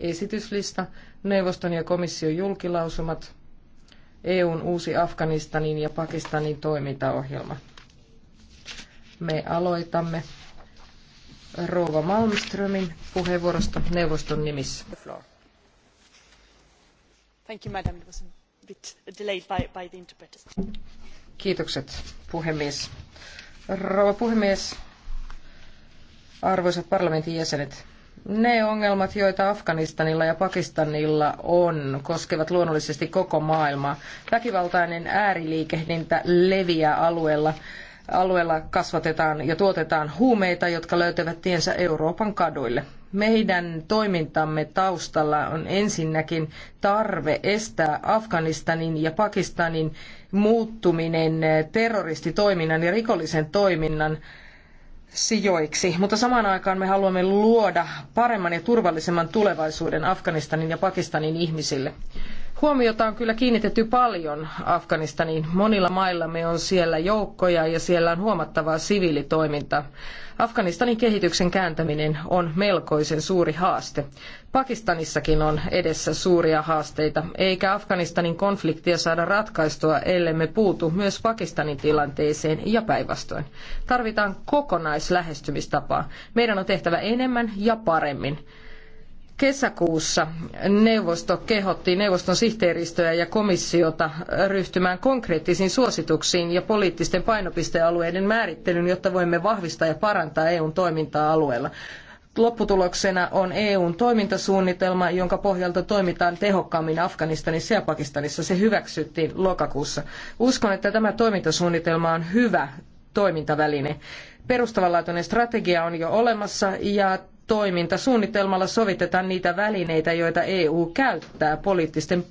esityslista, neuvoston ja komission julkilausumat, EUn uusi Afganistanin ja Pakistanin toimintaohjelma. Me aloitamme Rouva Malmströmin puheenvuorosta neuvoston nimissä. Kiitokset, puhemies. Rouva puhemies, arvoisat parlamentin jäsenet, ne ongelmat, joita Afganistanilla ja Pakistanilla on, koskevat luonnollisesti koko maailmaa. Väkivaltainen ääriliikehdintä leviää alueella. Alueella kasvatetaan ja tuotetaan huumeita, jotka löytävät tiensä Euroopan kaduille. Meidän toimintamme taustalla on ensinnäkin tarve estää Afganistanin ja Pakistanin muuttuminen terroristitoiminnan ja rikollisen toiminnan sijoiksi, mutta samaan aikaan me haluamme luoda paremman ja turvallisemman tulevaisuuden Afganistanin ja Pakistanin ihmisille. Huomiota on kyllä kiinnitetty paljon Afganistaniin. Monilla mailla me on siellä joukkoja ja siellä on huomattavaa siviilitoimintaa. Afganistanin kehityksen kääntäminen on melkoisen suuri haaste. Pakistanissakin on edessä suuria haasteita, eikä Afganistanin konfliktia saada ratkaistua, ellemme puutu myös Pakistanin tilanteeseen ja päinvastoin. Tarvitaan kokonaislähestymistapaa. Meidän on tehtävä enemmän ja paremmin. Kesäkuussa neuvosto kehotti neuvoston sihteeristöä ja komissiota ryhtymään konkreettisiin suosituksiin ja poliittisten painopistealueiden määrittelyyn, jotta voimme vahvistaa ja parantaa EUn toimintaa alueella. Lopputuloksena on EUn toimintasuunnitelma, jonka pohjalta toimitaan tehokkaammin Afganistanissa ja Pakistanissa. Se hyväksyttiin lokakuussa. Uskon, että tämä toimintasuunnitelma on hyvä toimintaväline. Perustavanlaatuinen strategia on jo olemassa ja toimintasuunnitelmalla sovitetaan niitä välineitä, joita EU käyttää poliittisten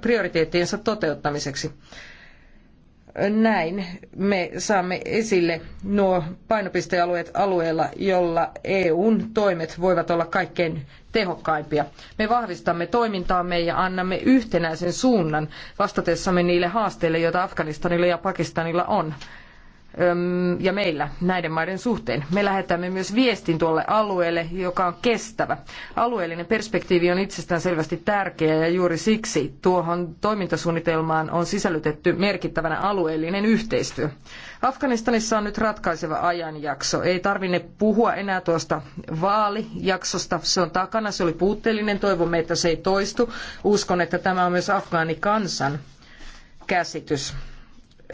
prioriteettiensa toteuttamiseksi. Näin me saamme esille nuo painopistealueet alueella, jolla EUn toimet voivat olla kaikkein tehokkaimpia. Me vahvistamme toimintaamme ja annamme yhtenäisen suunnan vastatessamme niille haasteille, joita Afganistanilla ja Pakistanilla on ja meillä näiden maiden suhteen. Me lähetämme myös viestin tuolle alueelle, joka on kestävä. Alueellinen perspektiivi on itsestään selvästi tärkeä ja juuri siksi tuohon toimintasuunnitelmaan on sisällytetty merkittävänä alueellinen yhteistyö. Afganistanissa on nyt ratkaiseva ajanjakso. Ei tarvinne puhua enää tuosta vaalijaksosta. Se on takana, se oli puutteellinen. Toivomme, että se ei toistu. Uskon, että tämä on myös afgaanikansan käsitys.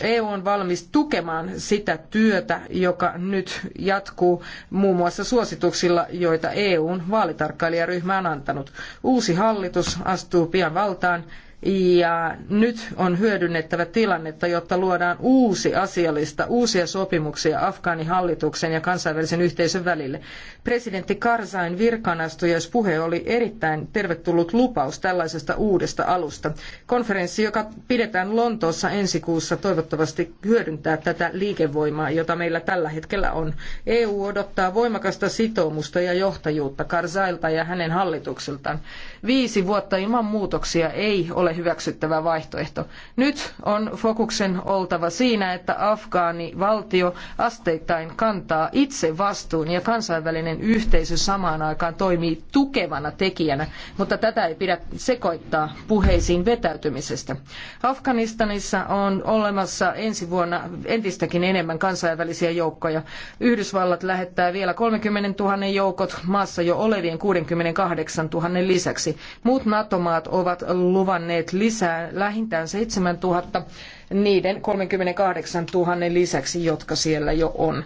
EU on valmis tukemaan sitä työtä, joka nyt jatkuu muun muassa suosituksilla, joita EUn vaalitarkkailijaryhmä on antanut. Uusi hallitus astuu pian valtaan ja nyt on hyödynnettävä tilannetta, jotta luodaan uusi asialista, uusia sopimuksia Afgaanihallituksen ja kansainvälisen yhteisön välille. Presidentti Karzain virkaanastujas puhe oli erittäin tervetullut lupaus tällaisesta uudesta alusta. Konferenssi, joka pidetään Lontoossa ensi kuussa, toivottavasti hyödyntää tätä liikevoimaa, jota meillä tällä hetkellä on. EU odottaa voimakasta sitoumusta ja johtajuutta Karzailta ja hänen hallitukseltaan. Viisi vuotta ilman muutoksia ei ole ole hyväksyttävä vaihtoehto. Nyt on fokuksen oltava siinä, että afgaanivaltio asteittain kantaa itse vastuun ja kansainvälinen yhteisö samaan aikaan toimii tukevana tekijänä, mutta tätä ei pidä sekoittaa puheisiin vetäytymisestä. Afganistanissa on olemassa ensi vuonna entistäkin enemmän kansainvälisiä joukkoja. Yhdysvallat lähettää vielä 30 000 joukot maassa jo olevien 68 000 lisäksi. Muut NATO-maat ovat luvanneet saaneet lisää lähintään 7000 niiden 38 000 lisäksi, jotka siellä jo on.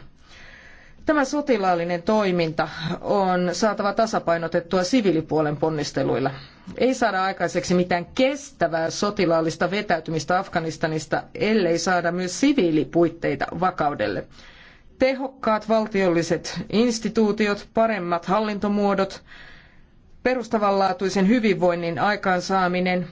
Tämä sotilaallinen toiminta on saatava tasapainotettua siviilipuolen ponnisteluilla. Ei saada aikaiseksi mitään kestävää sotilaallista vetäytymistä Afganistanista, ellei saada myös siviilipuitteita vakaudelle. Tehokkaat valtiolliset instituutiot, paremmat hallintomuodot, perustavanlaatuisen hyvinvoinnin aikaansaaminen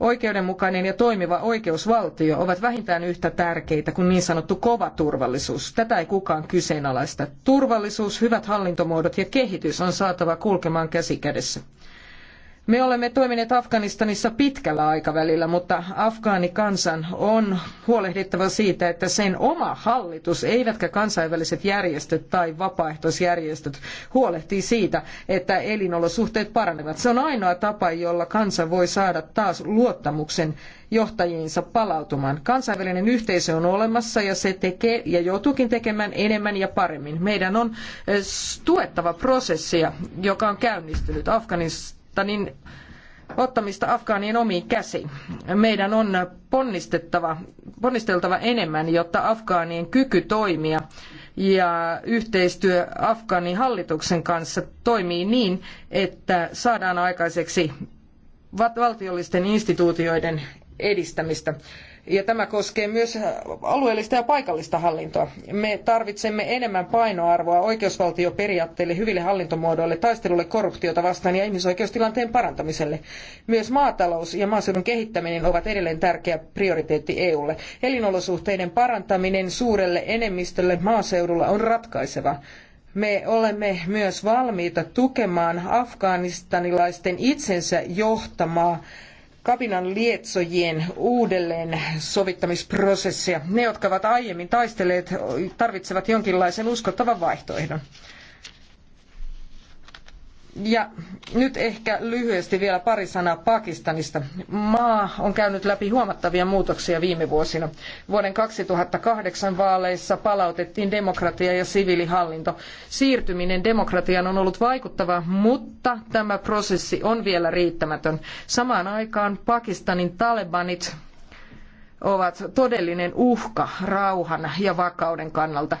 oikeudenmukainen ja toimiva oikeusvaltio ovat vähintään yhtä tärkeitä kuin niin sanottu kova turvallisuus. Tätä ei kukaan kyseenalaista. Turvallisuus, hyvät hallintomuodot ja kehitys on saatava kulkemaan käsi kädessä. Me olemme toimineet Afganistanissa pitkällä aikavälillä, mutta afgaanikansan on huolehdittava siitä, että sen oma hallitus, eivätkä kansainväliset järjestöt tai vapaaehtoisjärjestöt, huolehtii siitä, että elinolosuhteet paranevat. Se on ainoa tapa, jolla kansa voi saada taas luottamuksen johtajiinsa palautumaan. Kansainvälinen yhteisö on olemassa ja se tekee ja joutuukin tekemään enemmän ja paremmin. Meidän on tuettava prosessia, joka on käynnistynyt Afganistanissa Afganistanin ottamista Afgaanien omiin käsiin. Meidän on ponnistettava, ponnisteltava enemmän, jotta Afgaanien kyky toimia ja yhteistyö Afgaanin hallituksen kanssa toimii niin, että saadaan aikaiseksi valtiollisten instituutioiden edistämistä ja tämä koskee myös alueellista ja paikallista hallintoa. Me tarvitsemme enemmän painoarvoa oikeusvaltioperiaatteille, hyville hallintomuodoille, taistelulle korruptiota vastaan ja ihmisoikeustilanteen parantamiselle. Myös maatalous ja maaseudun kehittäminen ovat edelleen tärkeä prioriteetti EUlle. Elinolosuhteiden parantaminen suurelle enemmistölle maaseudulla on ratkaiseva. Me olemme myös valmiita tukemaan afganistanilaisten itsensä johtamaa kapinan lietsojien uudelleen sovittamisprosessia. Ne, jotka ovat aiemmin taistelleet, tarvitsevat jonkinlaisen uskottavan vaihtoehdon. Ja nyt ehkä lyhyesti vielä pari sanaa Pakistanista. Maa on käynyt läpi huomattavia muutoksia viime vuosina. Vuoden 2008 vaaleissa palautettiin demokratia ja siviilihallinto. Siirtyminen demokratiaan on ollut vaikuttava, mutta tämä prosessi on vielä riittämätön. Samaan aikaan Pakistanin talebanit ovat todellinen uhka rauhan ja vakauden kannalta.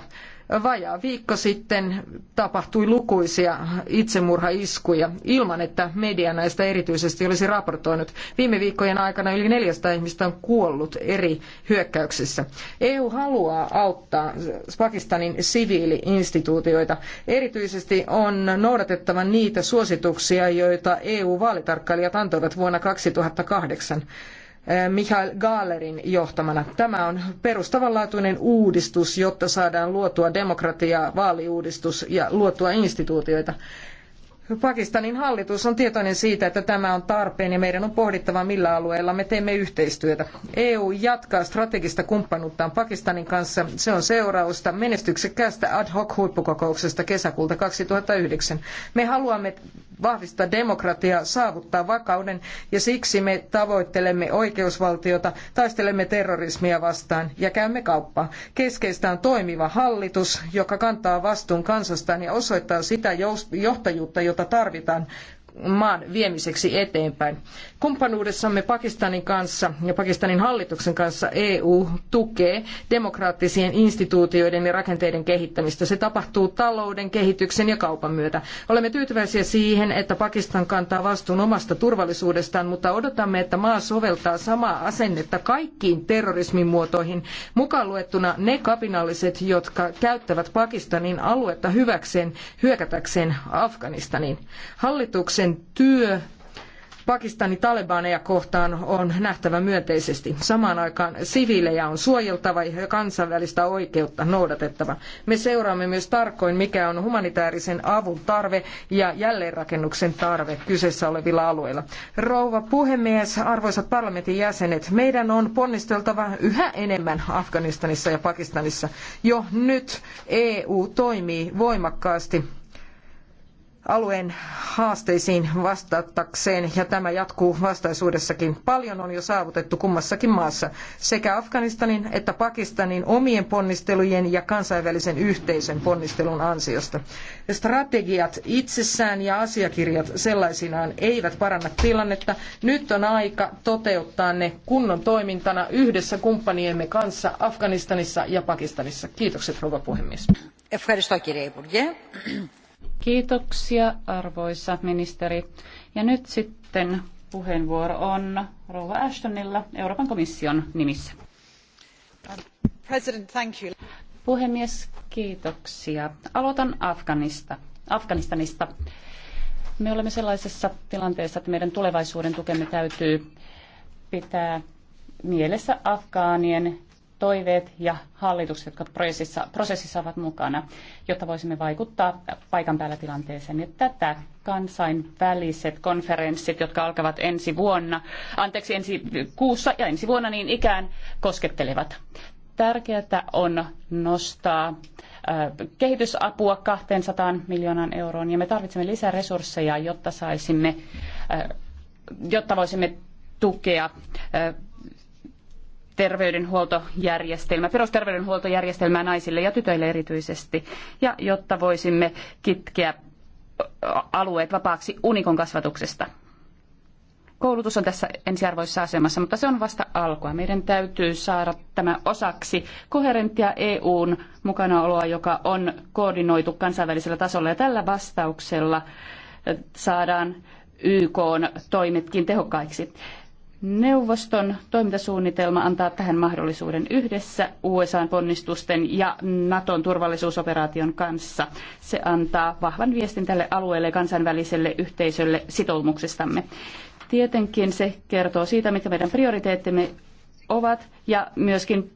Vajaa viikko sitten tapahtui lukuisia itsemurhaiskuja ilman, että media näistä erityisesti olisi raportoinut. Viime viikkojen aikana yli 400 ihmistä on kuollut eri hyökkäyksissä. EU haluaa auttaa Pakistanin siviiliinstituutioita. Erityisesti on noudatettava niitä suosituksia, joita EU-vaalitarkkailijat antoivat vuonna 2008. Eh, Michael Gaalerin johtamana. Tämä on perustavanlaatuinen uudistus, jotta saadaan luotua demokratiaa, vaaliuudistus ja luotua instituutioita. Pakistanin hallitus on tietoinen siitä, että tämä on tarpeen ja meidän on pohdittava, millä alueella me teemme yhteistyötä. EU jatkaa strategista kumppanuuttaan Pakistanin kanssa. Se on seurausta menestyksekkäästä ad hoc huippukokouksesta kesäkuulta 2009. Me haluamme vahvistaa demokratiaa, saavuttaa vakauden ja siksi me tavoittelemme oikeusvaltiota, taistelemme terrorismia vastaan ja käymme kauppaa. Keskeistä on toimiva hallitus, joka kantaa vastuun kansastaan ja osoittaa sitä johtajuutta, jota tarvitaan maan viemiseksi eteenpäin. Kumppanuudessamme Pakistanin kanssa ja Pakistanin hallituksen kanssa EU tukee demokraattisien instituutioiden ja rakenteiden kehittämistä. Se tapahtuu talouden, kehityksen ja kaupan myötä. Olemme tyytyväisiä siihen, että Pakistan kantaa vastuun omasta turvallisuudestaan, mutta odotamme, että maa soveltaa samaa asennetta kaikkiin terrorismin muotoihin, mukaan luettuna ne kapinalliset, jotka käyttävät Pakistanin aluetta hyväkseen hyökätäkseen Afganistaniin. Hallituksen työ Pakistani talebaneja kohtaan on nähtävä myönteisesti. Samaan aikaan siviilejä on suojeltava ja kansainvälistä oikeutta noudatettava. Me seuraamme myös tarkoin, mikä on humanitaarisen avun tarve ja jälleenrakennuksen tarve kyseessä olevilla alueilla. Rouva puhemies, arvoisat parlamentin jäsenet, meidän on ponnisteltava yhä enemmän Afganistanissa ja Pakistanissa. Jo nyt EU toimii voimakkaasti alueen haasteisiin vastatakseen, ja tämä jatkuu vastaisuudessakin. Paljon on jo saavutettu kummassakin maassa, sekä Afganistanin että Pakistanin omien ponnistelujen ja kansainvälisen yhteisön ponnistelun ansiosta. Strategiat itsessään ja asiakirjat sellaisinaan eivät paranna tilannetta. Nyt on aika toteuttaa ne kunnon toimintana yhdessä kumppaniemme kanssa Afganistanissa ja Pakistanissa. Kiitokset, rouva puhemies. Ευχαριστώ κύριε Υπουργέ. Kiitoksia, arvoisa ministeri. Ja nyt sitten puheenvuoro on rouva Ashtonilla Euroopan komission nimissä. President, thank you. Puhemies, kiitoksia. Aloitan Afganista. Afganistanista. Me olemme sellaisessa tilanteessa, että meidän tulevaisuuden tukemme täytyy pitää mielessä afgaanien toiveet ja hallitukset, jotka prosessissa, prosessissa ovat mukana, jotta voisimme vaikuttaa paikan päällä tilanteeseen. Ja tätä kansainväliset konferenssit, jotka alkavat ensi vuonna, anteeksi, ensi kuussa ja ensi vuonna niin ikään koskettelevat. Tärkeää on nostaa kehitysapua 200 miljoonaan euroon ja me tarvitsemme lisää resursseja, jotta saisimme, jotta voisimme tukea terveydenhuoltojärjestelmä, perusterveydenhuoltojärjestelmää naisille ja tytöille erityisesti, ja jotta voisimme kitkeä alueet vapaaksi unikon kasvatuksesta. Koulutus on tässä ensiarvoisessa asemassa, mutta se on vasta alkua. Meidän täytyy saada tämä osaksi koherenttia EUn mukanaoloa, joka on koordinoitu kansainvälisellä tasolla. Ja tällä vastauksella saadaan YK toimetkin tehokkaiksi. Neuvoston toimintasuunnitelma antaa tähän mahdollisuuden yhdessä USAn ponnistusten ja Naton turvallisuusoperaation kanssa. Se antaa vahvan viestin tälle alueelle ja kansainväliselle yhteisölle sitoumuksestamme. Tietenkin se kertoo siitä, mitkä meidän prioriteettimme ovat ja myöskin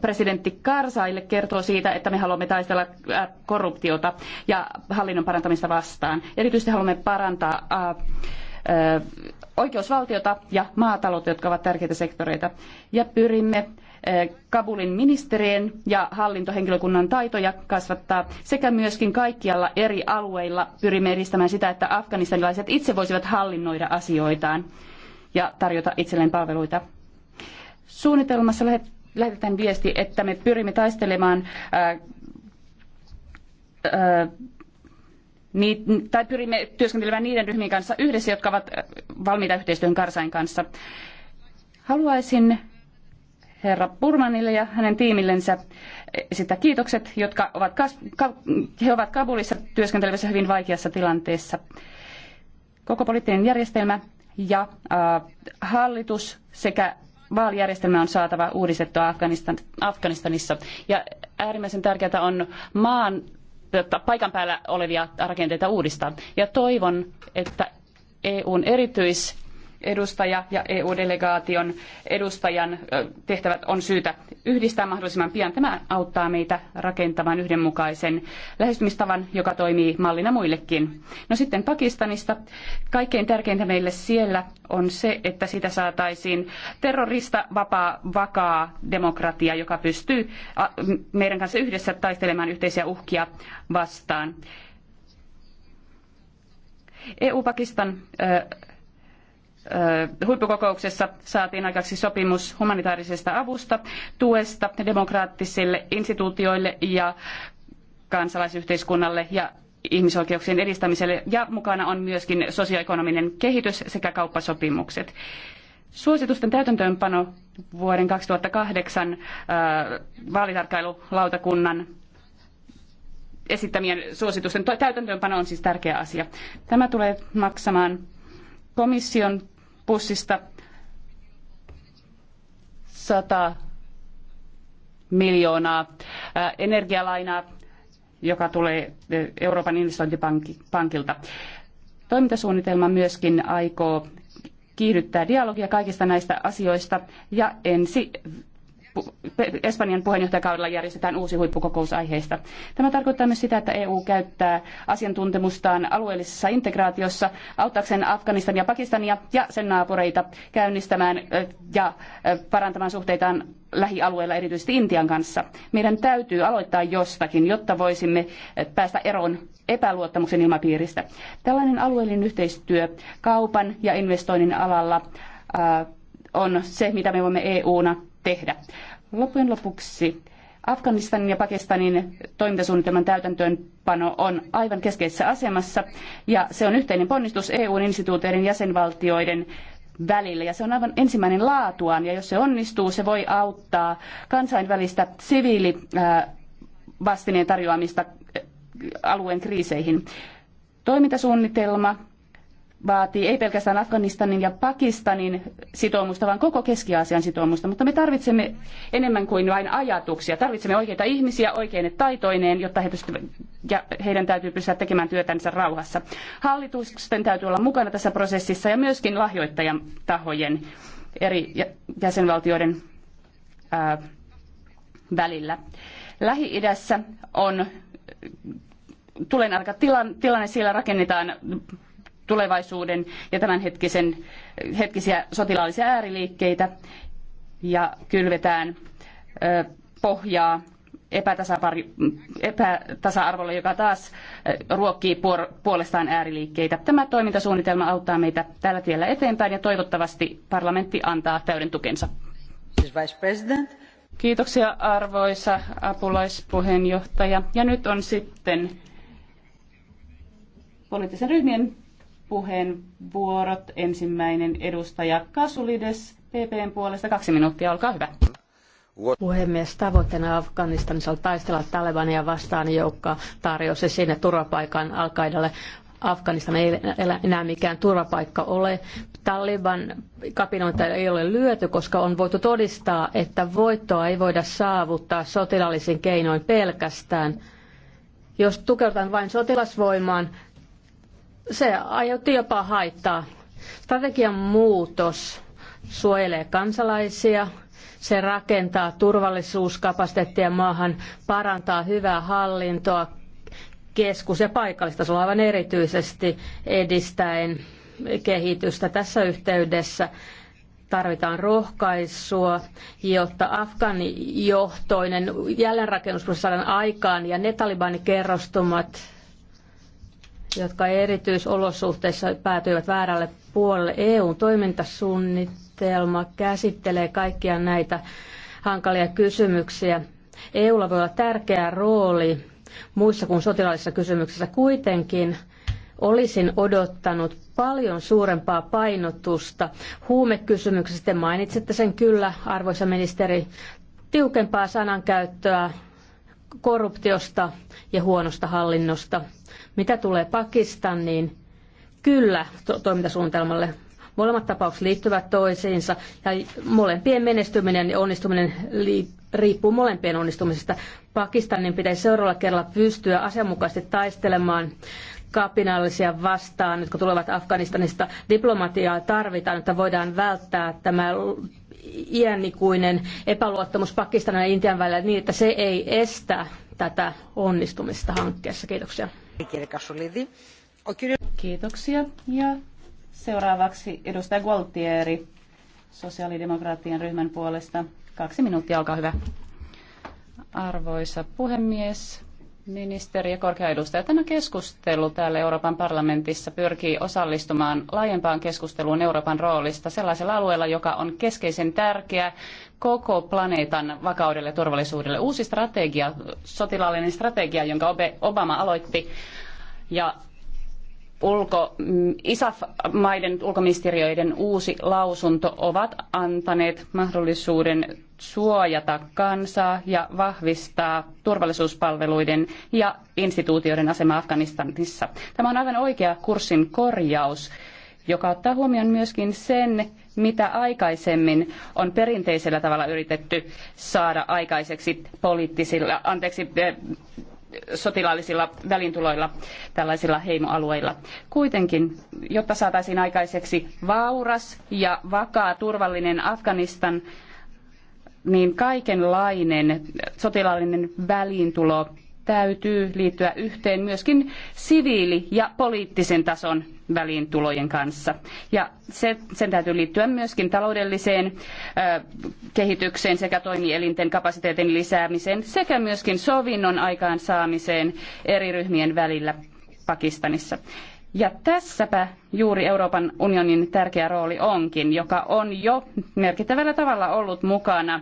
presidentti Karsaille kertoo siitä, että me haluamme taistella äh, korruptiota ja hallinnon parantamista vastaan. Erityisesti haluamme parantaa äh, äh, oikeusvaltiota ja maataloutta, jotka ovat tärkeitä sektoreita. Ja pyrimme eh, Kabulin ministerien ja hallintohenkilökunnan taitoja kasvattaa sekä myöskin kaikkialla eri alueilla pyrimme edistämään sitä, että afganistanilaiset itse voisivat hallinnoida asioitaan ja tarjota itselleen palveluita. Suunnitelmassa lähetetään viesti, että me pyrimme taistelemaan ää, eh, ää, eh, tai pyrimme työskentelemään niiden ryhmien kanssa yhdessä, jotka ovat valmiita yhteistyön Karsain kanssa. Haluaisin herra Burmanille ja hänen tiimillensä esittää kiitokset, jotka ovat, he ovat Kabulissa työskentelevässä hyvin vaikeassa tilanteessa. Koko poliittinen järjestelmä ja äh, hallitus sekä vaalijärjestelmä on saatava uudistettua Afganistan, Afganistanissa. Ja äärimmäisen tärkeää on maan paikan päällä olevia rakenteita uudistaa. Ja toivon, että EUn erityis edustaja ja EU-delegaation edustajan tehtävät on syytä yhdistää mahdollisimman pian. Tämä auttaa meitä rakentamaan yhdenmukaisen lähestymistavan, joka toimii mallina muillekin. No sitten Pakistanista. Kaikkein tärkeintä meille siellä on se, että sitä saataisiin terrorista vapaa, vakaa demokratia, joka pystyy meidän kanssa yhdessä taistelemaan yhteisiä uhkia vastaan. EU-Pakistan äh, huippukokouksessa saatiin aikaksi sopimus humanitaarisesta avusta, tuesta demokraattisille instituutioille ja kansalaisyhteiskunnalle ja ihmisoikeuksien edistämiselle ja mukana on myöskin sosioekonominen kehitys sekä kauppasopimukset. Suositusten täytäntöönpano vuoden 2008 vaalitarkkailulautakunnan esittämien suositusten täytäntöönpano on siis tärkeä asia. Tämä tulee maksamaan komission pussista 100 miljoonaa äh, energialainaa, joka tulee äh, Euroopan investointipankilta. Toimintasuunnitelma myöskin aikoo kiihdyttää dialogia kaikista näistä asioista ja ensi Espanjan puheenjohtajakaudella järjestetään uusi huippukokous aiheesta. Tämä tarkoittaa myös sitä, että EU käyttää asiantuntemustaan alueellisessa integraatiossa auttaakseen Afganistania ja Pakistania ja sen naapureita käynnistämään ja parantamaan suhteitaan lähialueilla, erityisesti Intian kanssa. Meidän täytyy aloittaa jostakin, jotta voisimme päästä eroon epäluottamuksen ilmapiiristä. Tällainen alueellinen yhteistyö kaupan ja investoinnin alalla on se, mitä me voimme EU: EUna tehdä. Loppujen lopuksi Afganistanin ja Pakistanin toimintasuunnitelman täytäntöönpano on aivan keskeisessä asemassa ja se on yhteinen ponnistus EUn instituuteiden jäsenvaltioiden välillä ja se on aivan ensimmäinen laatuaan ja jos se onnistuu, se voi auttaa kansainvälistä siviilivastineen tarjoamista alueen kriiseihin. Toimintasuunnitelma vaatii ei pelkästään Afganistanin ja Pakistanin sitoumusta, vaan koko Keski-Aasian sitoumusta. Mutta me tarvitsemme enemmän kuin vain ajatuksia. Tarvitsemme oikeita ihmisiä oikeine taitoineen, jotta he pystyvät, ja heidän täytyy pystyä tekemään työtänsä rauhassa. Hallitusten täytyy olla mukana tässä prosessissa ja myöskin lahjoittajan tahojen eri jäsenvaltioiden ää, välillä. Lähi-idässä on tulenarka tilanne, siellä rakennetaan tulevaisuuden ja tämänhetkisen hetkisiä sotilaallisia ääriliikkeitä ja kylvetään pohjaa epätasa-arvolle, joka taas ruokkii puolestaan ääriliikkeitä. Tämä toimintasuunnitelma auttaa meitä tällä tiellä eteenpäin ja toivottavasti parlamentti antaa täyden tukensa. Kiitoksia arvoisa apulaispuheenjohtaja. Ja nyt on sitten poliittisen ryhmien puheenvuorot. Ensimmäinen edustaja Kasulides PPn puolesta. Kaksi minuuttia, olkaa hyvä. Puhemies, tavoitteena Afganistanissa on taistella Talebania vastaan, joka tarjosi sinne turvapaikan alkaidalle. Afganistan ei enää mikään turvapaikka ole. Taliban kapinoita ei ole lyöty, koska on voitu todistaa, että voittoa ei voida saavuttaa sotilaallisin keinoin pelkästään. Jos tukeutan vain sotilasvoimaan, se aiheutti jopa haittaa. Strategian muutos suojelee kansalaisia, se rakentaa turvallisuuskapasiteettia maahan, parantaa hyvää hallintoa keskus- ja paikallistasolla aivan erityisesti edistäen kehitystä tässä yhteydessä tarvitaan rohkaisua, jotta johtoinen jälleenrakennusprosessi saadaan aikaan ja ne talibanikerrostumat jotka erityisolosuhteissa päätyivät väärälle puolelle. EUn toimintasuunnitelma käsittelee kaikkia näitä hankalia kysymyksiä. EUlla voi olla tärkeä rooli muissa kuin sotilaallisissa kysymyksissä. Kuitenkin olisin odottanut paljon suurempaa painotusta huumekysymyksestä. Te mainitsette sen kyllä, arvoisa ministeri, tiukempaa sanankäyttöä korruptiosta ja huonosta hallinnosta. Mitä tulee Pakistaniin? Kyllä to- toimintasuunnitelmalle. Molemmat tapaukset liittyvät toisiinsa ja molempien menestyminen ja onnistuminen riippuu molempien onnistumisesta. Pakistanin pitäisi seuraavalla kerralla pystyä asianmukaisesti taistelemaan kapinallisia vastaan, jotka tulevat Afganistanista. Diplomatiaa tarvitaan, että voidaan välttää tämä iänikuinen epäluottamus Pakistanin ja Intian välillä niin, että se ei estä tätä onnistumista hankkeessa. Kiitoksia. Kiitoksia. Ja seuraavaksi edustaja Gualtieri sosiaalidemokraattien ryhmän puolesta. Kaksi minuuttia, olkaa hyvä. Arvoisa puhemies, ministeri ja korkea edustaja. Tämä keskustelu täällä Euroopan parlamentissa pyrkii osallistumaan laajempaan keskusteluun Euroopan roolista sellaisella alueella, joka on keskeisen tärkeä koko planeetan vakaudelle ja turvallisuudelle. Uusi strategia, sotilaallinen strategia, jonka Obama aloitti, ja ulko, mm, ISAF-maiden ulkoministeriöiden uusi lausunto ovat antaneet mahdollisuuden suojata kansaa ja vahvistaa turvallisuuspalveluiden ja instituutioiden asemaa Afganistanissa. Tämä on aivan oikea kurssin korjaus, joka ottaa huomioon myöskin sen, mitä aikaisemmin on perinteisellä tavalla yritetty saada aikaiseksi poliittisilla, anteeksi, sotilaallisilla välintuloilla tällaisilla heimoalueilla. Kuitenkin, jotta saataisiin aikaiseksi vauras ja vakaa, turvallinen Afganistan, niin kaikenlainen sotilaallinen väliintulo täytyy liittyä yhteen myöskin siviili- ja poliittisen tason väliintulojen kanssa. Ja se, sen täytyy liittyä myöskin taloudelliseen kehitykseen sekä toimielinten kapasiteetin lisäämiseen sekä myöskin sovinnon aikaansaamiseen eri ryhmien välillä Pakistanissa. Ja tässäpä juuri Euroopan unionin tärkeä rooli onkin, joka on jo merkittävällä tavalla ollut mukana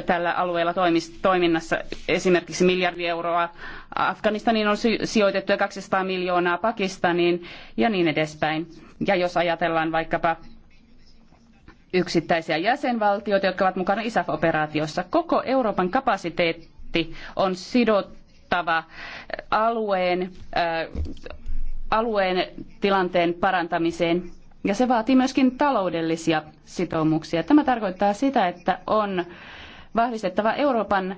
tällä alueella toiminnassa. Esimerkiksi miljardi euroa Afganistaniin on sijoitettu ja 200 miljoonaa Pakistaniin ja niin edespäin. Ja jos ajatellaan vaikkapa yksittäisiä jäsenvaltioita, jotka ovat mukana ISAF-operaatiossa, koko Euroopan kapasiteetti on sidottava äh, alueen, äh, alueen tilanteen parantamiseen ja se vaatii myöskin taloudellisia sitoumuksia. Tämä tarkoittaa sitä, että on vahvistettava Euroopan,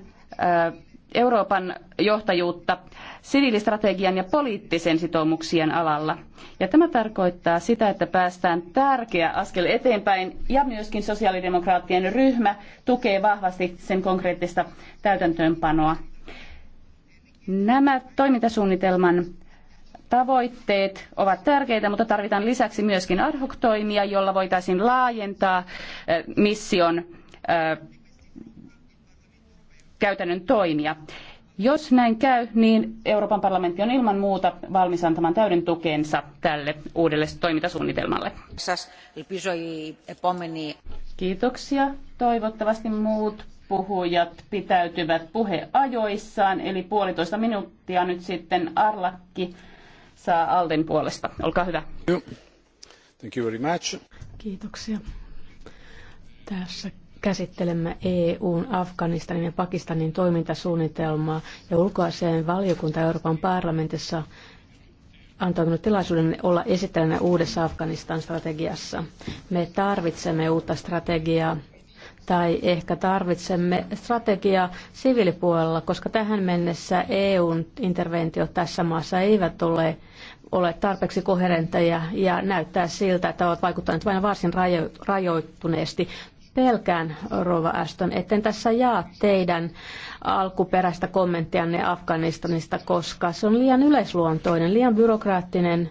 Euroopan johtajuutta siviilistrategian ja poliittisen sitoumuksien alalla. Ja tämä tarkoittaa sitä, että päästään tärkeä askel eteenpäin ja myöskin sosiaalidemokraattien ryhmä tukee vahvasti sen konkreettista täytäntöönpanoa. Nämä toimintasuunnitelman tavoitteet ovat tärkeitä, mutta tarvitaan lisäksi myöskin ad hoc-toimia, jolla voitaisiin laajentaa mission käytännön toimia. Jos näin käy, niin Euroopan parlamentti on ilman muuta valmis antamaan täyden tukensa tälle uudelle toimintasuunnitelmalle. Kiitoksia. Toivottavasti muut puhujat pitäytyvät puheajoissaan, eli puolitoista minuuttia nyt sitten Arlakki saa Alden puolesta. Olkaa hyvä. Thank you very much. Kiitoksia. Tässä käsittelemme EUn, Afganistanin ja Pakistanin toimintasuunnitelmaa ja ulkoaseen valiokunta Euroopan parlamentissa antoi minulle tilaisuuden olla esittelemään uudessa Afganistan-strategiassa. Me tarvitsemme uutta strategiaa tai ehkä tarvitsemme strategiaa siviilipuolella, koska tähän mennessä EUn interventiot tässä maassa eivät ole ole tarpeeksi koherentteja ja näyttää siltä, että ovat vaikuttaneet vain varsin rajoittuneesti. Pelkään, Rova Aston, etten tässä jaa teidän alkuperäistä kommenttianne Afganistanista, koska se on liian yleisluontoinen, liian byrokraattinen,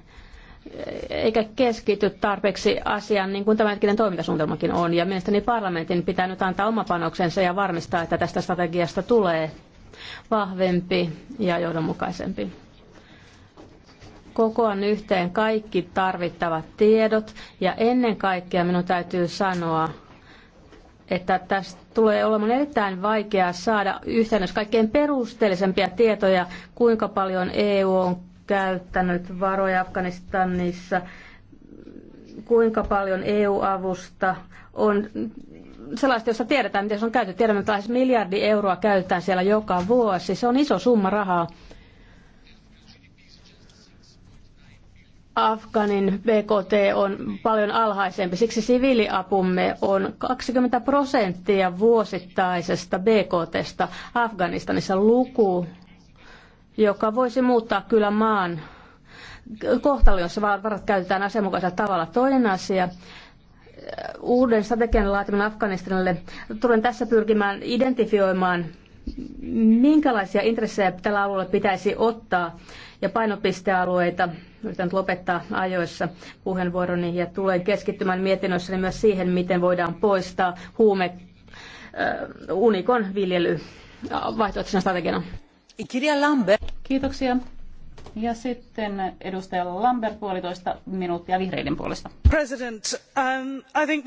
eikä keskity tarpeeksi asiaan, niin kuin tämänhetkinen toimintasuunnitelmakin on. Ja mielestäni parlamentin pitää nyt antaa oma panoksensa ja varmistaa, että tästä strategiasta tulee vahvempi ja johdonmukaisempi. Kokoan yhteen kaikki tarvittavat tiedot ja ennen kaikkea minun täytyy sanoa, että tästä tulee olemaan erittäin vaikeaa saada yhtenäis kaikkein perusteellisempia tietoja, kuinka paljon EU on käyttänyt varoja Afganistanissa, kuinka paljon EU-avusta on sellaista, jossa tiedetään, miten se on käytetty. Tiedämme, että lähes miljardi euroa käytetään siellä joka vuosi. Se on iso summa rahaa. Afganin BKT on paljon alhaisempi, siksi siviiliapumme on 20 prosenttia vuosittaisesta BKTstä Afganistanissa luku, joka voisi muuttaa kyllä maan kohtalo, jossa varat käytetään asianmukaisella tavalla. Toinen asia, uuden strategian laatiminen Afganistanille. Tulen tässä pyrkimään identifioimaan minkälaisia intressejä tällä alueella pitäisi ottaa ja painopistealueita. Yritän lopettaa ajoissa puheenvuoroni ja tulen keskittymään mietinnössäni myös siihen, miten voidaan poistaa huume äh, unikon viljely vaihtoehtoisena strategiana. Kirja Lambert. Kiitoksia. Ja sitten edustaja Lambert puolitoista minuuttia vihreiden puolesta. President, um, I think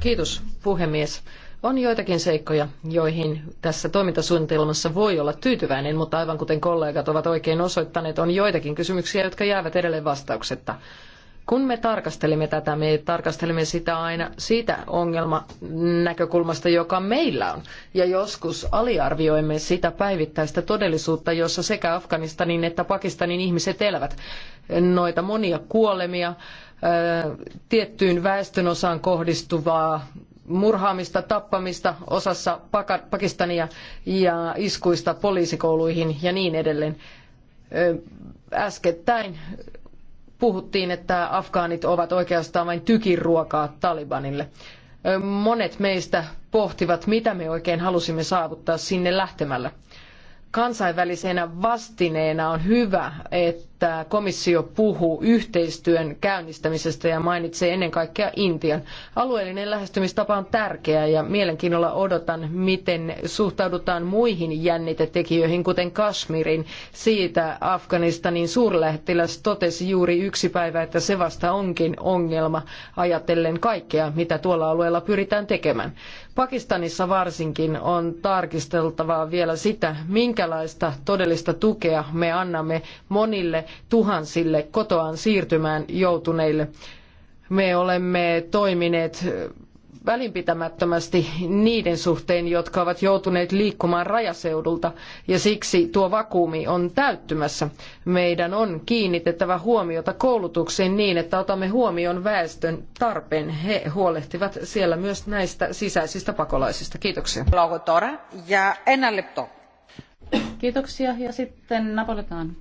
Kiitos puhemies. On joitakin seikkoja, joihin tässä toimintasuunnitelmassa voi olla tyytyväinen, mutta aivan kuten kollegat ovat oikein osoittaneet, on joitakin kysymyksiä, jotka jäävät edelleen vastauksetta. Kun me tarkastelemme tätä, me tarkastelemme sitä aina siitä ongelma näkökulmasta, joka meillä on. Ja joskus aliarvioimme sitä päivittäistä todellisuutta, jossa sekä Afganistanin että Pakistanin ihmiset elävät. Noita monia kuolemia, tiettyyn väestönosaan kohdistuvaa murhaamista, tappamista osassa Pakistania ja iskuista poliisikouluihin ja niin edelleen. Äskettäin puhuttiin, että afgaanit ovat oikeastaan vain tykiruokaa Talibanille. Monet meistä pohtivat, mitä me oikein halusimme saavuttaa sinne lähtemällä kansainvälisenä vastineena on hyvä, että että komissio puhuu yhteistyön käynnistämisestä ja mainitsee ennen kaikkea Intian. Alueellinen lähestymistapa on tärkeä ja mielenkiinnolla odotan, miten suhtaudutaan muihin jännitetekijöihin, kuten Kashmirin. Siitä Afganistanin suurlähettiläs totesi juuri yksi päivä, että se vasta onkin ongelma, ajatellen kaikkea, mitä tuolla alueella pyritään tekemään. Pakistanissa varsinkin on tarkisteltavaa vielä sitä, minkälaista todellista tukea me annamme monille tuhansille kotoaan siirtymään joutuneille. Me olemme toimineet välinpitämättömästi niiden suhteen, jotka ovat joutuneet liikkumaan rajaseudulta, ja siksi tuo vakuumi on täyttymässä. Meidän on kiinnitettävä huomiota koulutukseen niin, että otamme huomioon väestön tarpeen. He huolehtivat siellä myös näistä sisäisistä pakolaisista. Kiitoksia. Kiitoksia, ja sitten napoletaan.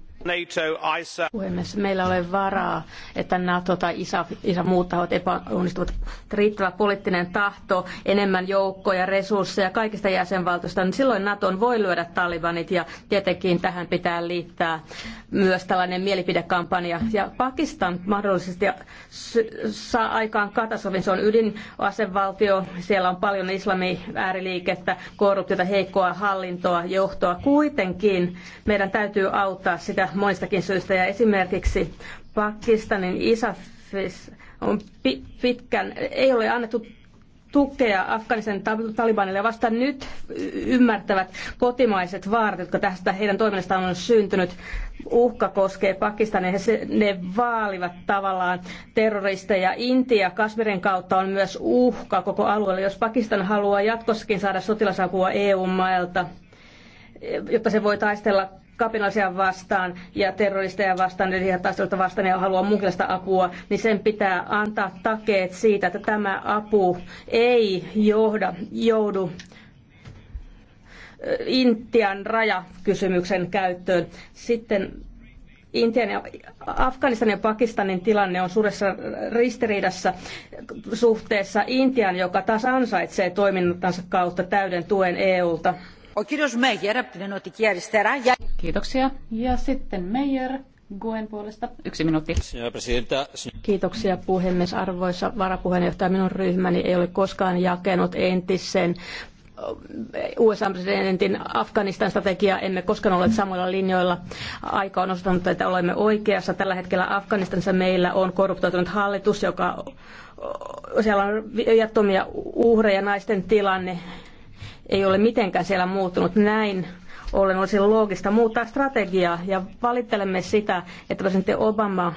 Puhemies, meillä ei ole varaa, että NATO tai ISAF ISA muut tahot epäonnistuvat. Riittävä poliittinen tahto, enemmän joukkoja, resursseja kaikista jäsenvaltioista, niin silloin NATOn voi lyödä talibanit ja tietenkin tähän pitää liittää myös tällainen mielipidekampanja. Ja Pakistan mahdollisesti saa aikaan katastrofin. Se on ydinasevaltio, siellä on paljon islami ääriliikettä, korruptiota, heikkoa hallintoa, johtoa. Kuitenkin meidän täytyy auttaa sitä maita monistakin syistä ja esimerkiksi Pakistanin ISAFis on pitkän, ei ole annettu tukea Afganistan talibanille vasta nyt ymmärtävät kotimaiset vaarat, jotka tästä heidän toiminnastaan on syntynyt. Uhka koskee Pakistania, ne vaalivat tavallaan terroristeja. Intia Kasmirin kautta on myös uhka koko alueelle, jos Pakistan haluaa jatkossakin saada sotilasapua EU-mailta, jotta se voi taistella kapinallisia vastaan ja terroristeja vastaan, eli taistelusta vastaan ja haluaa muunkinlaista apua, niin sen pitää antaa takeet siitä, että tämä apu ei johda, joudu Intian rajakysymyksen käyttöön. Sitten Intian ja Afganistanin ja Pakistanin tilanne on suuressa ristiriidassa suhteessa Intian, joka taas ansaitsee toiminnantansa kautta täyden tuen EUlta. Kiitoksia. Ja sitten Meijer Guen puolesta yksi minuutti. Kiitoksia puhemies. Arvoisa varapuheenjohtaja, minun ryhmäni ei ole koskaan jakenut entisen USA-presidentin Afganistan strategiaa emme koskaan olleet samoilla linjoilla. Aika on osoittanut, että olemme oikeassa. Tällä hetkellä Afganistanissa meillä on korruptoitunut hallitus, joka siellä on viattomia uhreja, naisten tilanne ei ole mitenkään siellä muuttunut näin ollen olisi loogista muuttaa strategiaa ja valittelemme sitä, että presidentti Obama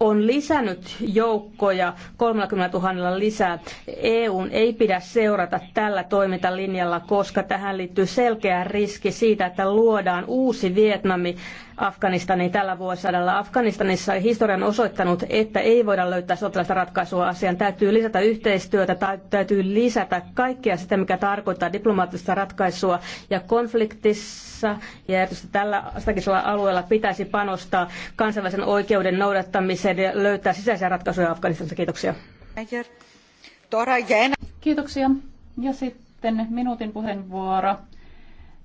on lisännyt joukkoja 30 000 lisää. EUn ei pidä seurata tällä toimintalinjalla, koska tähän liittyy selkeä riski siitä, että luodaan uusi Vietnami Afganistaniin tällä vuosisadalla. Afganistanissa historian osoittanut, että ei voida löytää sotilaista ratkaisua asiaan. Täytyy lisätä yhteistyötä, täytyy lisätä kaikkea sitä, mikä tarkoittaa diplomaattista ratkaisua. Ja konfliktissa ja erityisesti tällä strategisella alueella pitäisi panostaa kansainvälisen oikeuden noudattamiseen ja löytää sisäisiä ratkaisuja Afganistanissa. Kiitoksia. Kiitoksia. Ja sitten minuutin puheenvuoro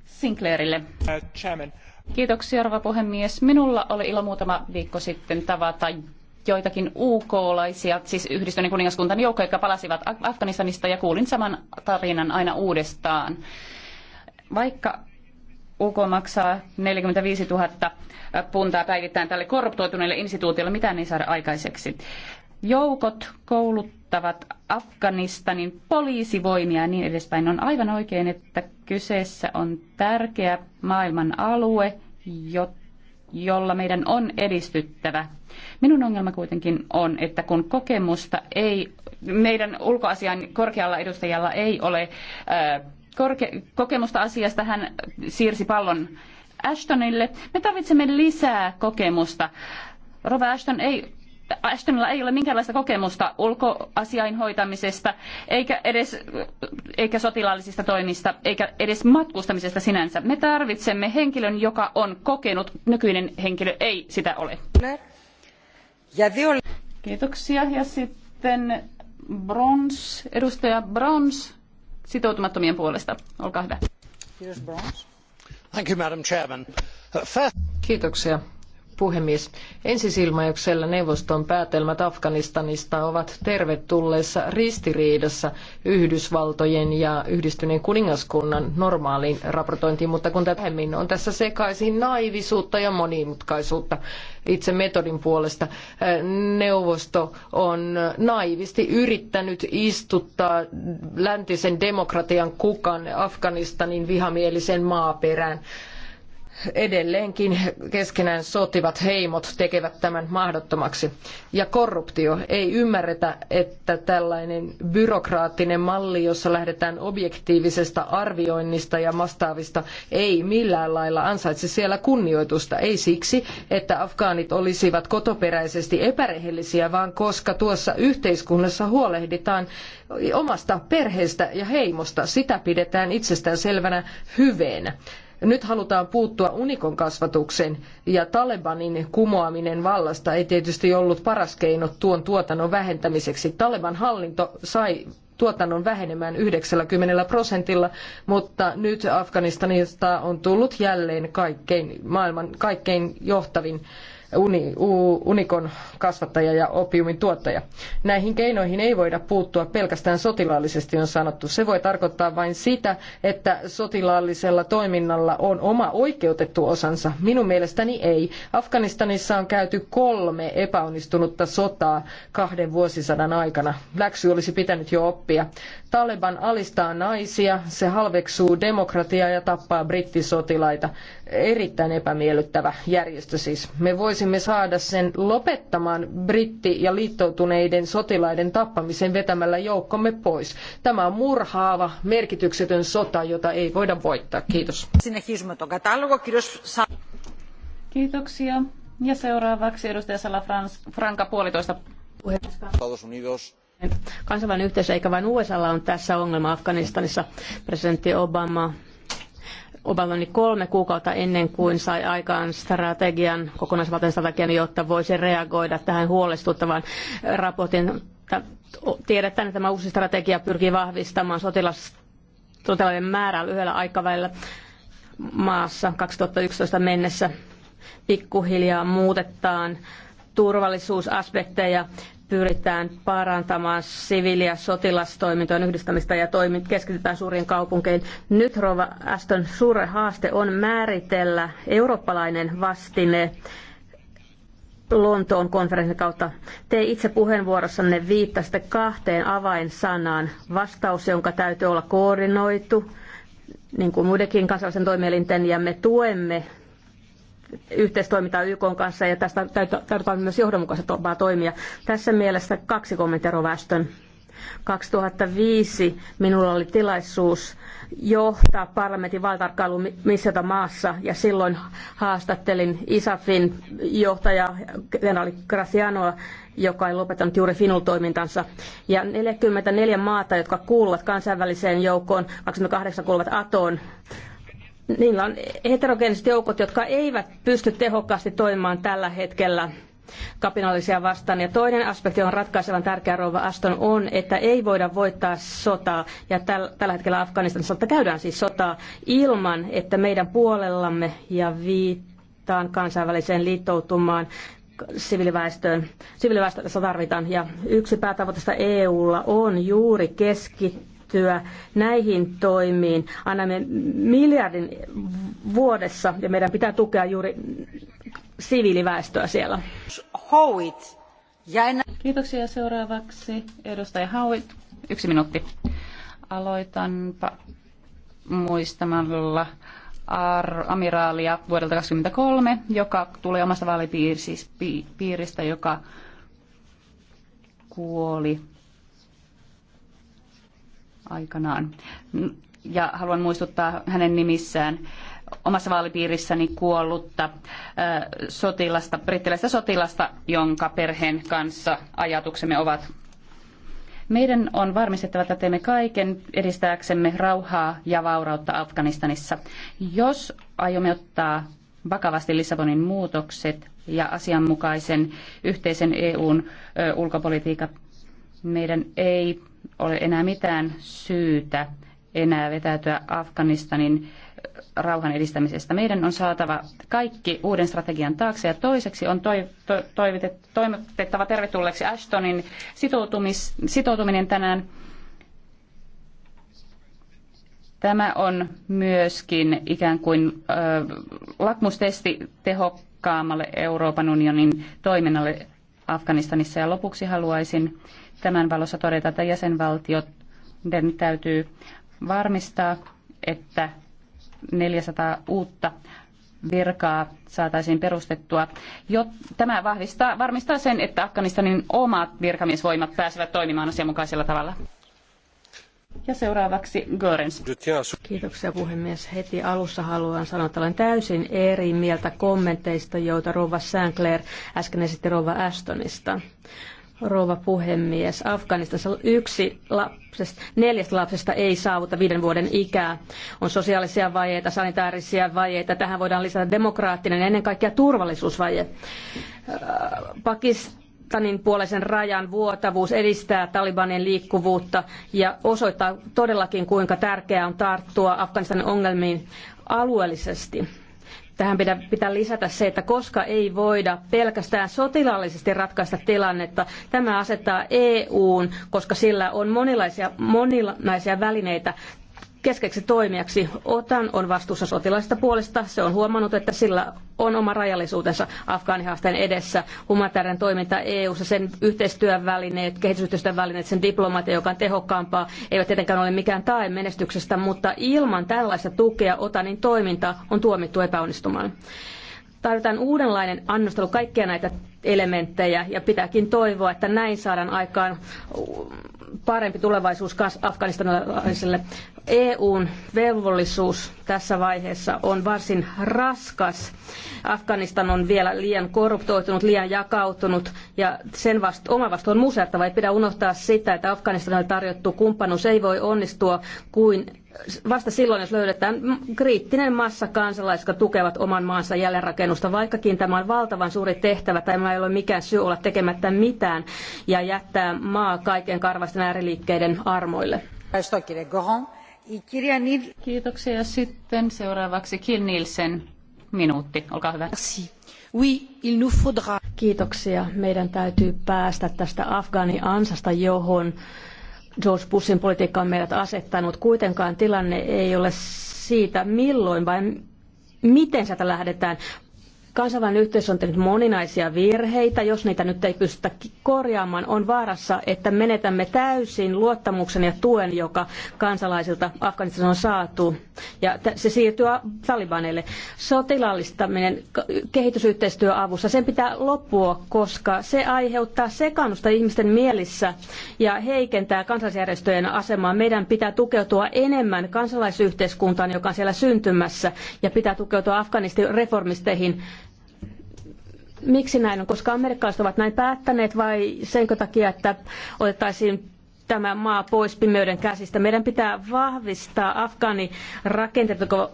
Sinclairille. Uh, Kiitoksia, arva puhemies. Minulla oli ilo muutama viikko sitten tavata joitakin UK-laisia, siis yhdistyneen kuningaskuntan joukkoja, jotka palasivat Afganistanista ja kuulin saman tarinan aina uudestaan. Vaikka UK maksaa 45 000 puntaa päivittäin tälle korruptoituneelle instituutiolle, mitään ei saada aikaiseksi joukot kouluttavat Afganistanin poliisivoimia ja niin edespäin. On aivan oikein, että kyseessä on tärkeä maailman alue, jolla meidän on edistyttävä. Minun ongelma kuitenkin on, että kun kokemusta ei, meidän ulkoasian korkealla edustajalla ei ole ää, äh, korke, kokemusta asiasta, hän siirsi pallon Ashtonille. Me tarvitsemme lisää kokemusta. Rova Ashton ei Ashtonilla ei ole minkäänlaista kokemusta ulkoasiain hoitamisesta, eikä edes eikä sotilaallisista toimista, eikä edes matkustamisesta sinänsä. Me tarvitsemme henkilön, joka on kokenut. Nykyinen henkilö ei sitä ole. Kiitoksia. Ja sitten Brons, edustaja Brons sitoutumattomien puolesta. Olkaa hyvä. Kiitos, Brons. Thank you, Madam Chairman. Kiitoksia puhemies. Ensisilmäyksellä neuvoston päätelmät Afganistanista ovat tervetulleessa ristiriidassa Yhdysvaltojen ja yhdistyneen kuningaskunnan normaaliin raportointiin, mutta kun tätä on tässä sekaisin naivisuutta ja monimutkaisuutta itse metodin puolesta. Eh, neuvosto on naivisti yrittänyt istuttaa läntisen demokratian kukan Afganistanin vihamielisen maaperään edelleenkin keskenään sotivat heimot tekevät tämän mahdottomaksi. Ja korruptio. Ei ymmärretä, että tällainen byrokraattinen malli, jossa lähdetään objektiivisesta arvioinnista ja vastaavista, ei millään lailla ansaitse siellä kunnioitusta. Ei siksi, että afgaanit olisivat kotoperäisesti epärehellisiä, vaan koska tuossa yhteiskunnassa huolehditaan omasta perheestä ja heimosta. Sitä pidetään itsestään selvänä hyveenä. Nyt halutaan puuttua unikon kasvatukseen ja Talebanin kumoaminen vallasta ei tietysti ollut paras keino tuon tuotannon vähentämiseksi. Taleban hallinto sai tuotannon vähenemään 90 prosentilla, mutta nyt Afganistanista on tullut jälleen kaikkein, maailman kaikkein johtavin unikon kasvattaja ja opiumin tuottaja. Näihin keinoihin ei voida puuttua pelkästään sotilaallisesti, on sanottu. Se voi tarkoittaa vain sitä, että sotilaallisella toiminnalla on oma oikeutettu osansa. Minun mielestäni ei. Afganistanissa on käyty kolme epäonnistunutta sotaa kahden vuosisadan aikana. Läksy olisi pitänyt jo oppia. Taliban alistaa naisia, se halveksuu demokratiaa ja tappaa brittisotilaita. Erittäin epämiellyttävä järjestö siis. Me voisimme saada sen lopettamaan britti- ja liittoutuneiden sotilaiden tappamisen vetämällä joukkomme pois. Tämä on murhaava, merkityksetön sota, jota ei voida voittaa. Kiitos. Kiitoksia. Ja seuraavaksi edustaja Salafranca puolitoista Kansainvälinen yhteisö, eikä vain USA on tässä ongelma Afganistanissa. Presidentti Obama Obamani kolme kuukautta ennen kuin sai aikaan strategian, kokonaisvaltaisen strategian, jotta voisi reagoida tähän huolestuttavaan raportin. Tiedetään, että tämä uusi strategia pyrkii vahvistamaan sotilaiden määrää lyhyellä aikavälillä maassa 2011 mennessä. Pikkuhiljaa muutetaan turvallisuusaspekteja pyritään parantamaan siviili- ja sotilastoimintojen yhdistämistä ja toimit keskitytään suuriin kaupunkeihin. Nyt Rova Aston suuri haaste on määritellä eurooppalainen vastine Lontoon konferenssin kautta. Te itse puheenvuorossanne viittasitte kahteen avainsanaan. Vastaus, jonka täytyy olla koordinoitu, niin kuin muidenkin kansallisen toimielinten, ja me tuemme yhteistoimintaa YK kanssa ja tästä tarvitaan myös johdonmukaisempaa toimia. Tässä mielessä kaksi kommenttia Rovaston. 2005 minulla oli tilaisuus johtaa parlamentin valtarkkailu missä maassa ja silloin haastattelin ISAFin johtaja kenraali Gracianoa, joka ei lopettanut juuri Finul toimintansa. Ja 44 maata, jotka kuuluvat kansainväliseen joukkoon, 28 kuuluvat ATOon, niillä on heterogeeniset joukot, jotka eivät pysty tehokkaasti toimimaan tällä hetkellä kapinallisia vastaan. Ja toinen aspekti on ratkaisevan tärkeä rouva Aston on, että ei voida voittaa sotaa, ja täl, tällä hetkellä Afganistanissa käydään siis sotaa, ilman että meidän puolellamme ja viittaan kansainväliseen liittoutumaan siviiliväestöön. tässä tarvitaan, ja yksi päätavoitteista EUlla on juuri keski ryhtyä näihin toimiin. Annamme miljardin vuodessa ja meidän pitää tukea juuri siviiliväestöä siellä. Howitt. Kiitoksia seuraavaksi edustaja Howitt. Yksi minuutti. Aloitanpa muistamalla ar- amiraalia vuodelta 2023, joka tulee omasta vaalipiiristä, siis joka kuoli aikanaan. Ja haluan muistuttaa hänen nimissään omassa vaalipiirissäni kuollutta sotilasta, brittiläistä sotilasta, jonka perheen kanssa ajatuksemme ovat. Meidän on varmistettava, että teemme kaiken edistääksemme rauhaa ja vaurautta Afganistanissa. Jos aiomme ottaa vakavasti Lissabonin muutokset ja asianmukaisen yhteisen EUn ulkopolitiikan, meidän ei ole enää mitään syytä enää vetäytyä Afganistanin rauhan edistämisestä. Meidän on saatava kaikki uuden strategian taakse ja toiseksi on toi, to, toivotettava tervetulleeksi Ashtonin sitoutuminen tänään. Tämä on myöskin ikään kuin äh, lakmustesti tehokkaammalle Euroopan unionin toiminnalle Afganistanissa. Ja lopuksi haluaisin äh, tämän valossa todeta, että jäsenvaltioiden täytyy varmistaa, että 400 uutta virkaa saataisiin perustettua. Jo, tämä vahvistaa, varmistaa sen, että Afganistanin omat virkamiesvoimat pääsevät toimimaan asianmukaisella tavalla. Ja seuraavaksi Görens. Kiitoksia puhemies. Heti alussa haluan sanoa, että olen täysin eri mieltä kommenteista, joita Rova Sinclair äsken esitti Rova Astonista. Rouva puhemies, Afganistassa yksi lapsesta, neljästä lapsesta ei saavuta viiden vuoden ikää. On sosiaalisia vajeita, sanitaarisia vajeita. Tähän voidaan lisätä demokraattinen ja ennen kaikkea turvallisuusvaje. Pakistan äh, Pakistanin puolisen rajan vuotavuus edistää Talibanien liikkuvuutta ja osoittaa todellakin, kuinka tärkeää on tarttua Afganistanin ongelmiin alueellisesti Tähän pitää, pitää lisätä se, että koska ei voida pelkästään sotilaallisesti ratkaista tilannetta, tämä asettaa EUn, koska sillä on monilaisia, moninaisia välineitä keskeiseksi toimijaksi. OTAN on vastuussa sotilaista puolesta. Se on huomannut, että sillä on oma rajallisuutensa Afgaanihaasteen edessä. Humanitaarinen toiminta EU-ssa, sen yhteistyövälineet, kehitysyhteistyövälineet, sen diplomatia, joka on tehokkaampaa, eivät tietenkään ole mikään tae menestyksestä, mutta ilman tällaista tukea OTANin toiminta on tuomittu epäonnistumaan tarvitaan uudenlainen annostelu kaikkia näitä elementtejä ja pitääkin toivoa, että näin saadaan aikaan parempi tulevaisuus afganistanilaisille. EUn velvollisuus tässä vaiheessa on varsin raskas. Afganistan on vielä liian korruptoitunut, liian jakautunut ja sen vast, oma vastuu on musertava. Ei pidä unohtaa sitä, että Afganistanille tarjottu kumppanuus ei voi onnistua kuin vasta silloin, jos löydetään kriittinen massa kansalaisia, jotka tukevat oman maansa jälleenrakennusta, vaikkakin tämä on valtavan suuri tehtävä, tämä ei ole mikään syy olla tekemättä mitään ja jättää maa kaiken karvasten ääriliikkeiden armoille. Kiitoksia. Sitten seuraavaksi Kim Nielsen. Minuutti, olkaa hyvä. Kiitoksia. Meidän täytyy päästä tästä Afgaani ansasta, johon George Bushin politiikka on meidät asettanut. Kuitenkaan tilanne ei ole siitä, milloin vai miten sitä lähdetään Kansainvälinen yhteisö on tehnyt moninaisia virheitä. Jos niitä nyt ei pystytä korjaamaan, on vaarassa, että menetämme täysin luottamuksen ja tuen, joka kansalaisilta Afganistanissa on saatu. Ja se siirtyy talibaneille. Sotilaallistaminen kehitysyhteistyöavussa, sen pitää loppua, koska se aiheuttaa sekannusta ihmisten mielissä ja heikentää kansalaisjärjestöjen asemaa. Meidän pitää tukeutua enemmän kansalaisyhteiskuntaan, joka on siellä syntymässä, ja pitää tukeutua Afganistin reformisteihin Miksi näin on? Koska amerikkalaiset ovat näin päättäneet vai senkö takia, että otettaisiin tämä maa pois pimeyden käsistä. Meidän pitää vahvistaa Afgaani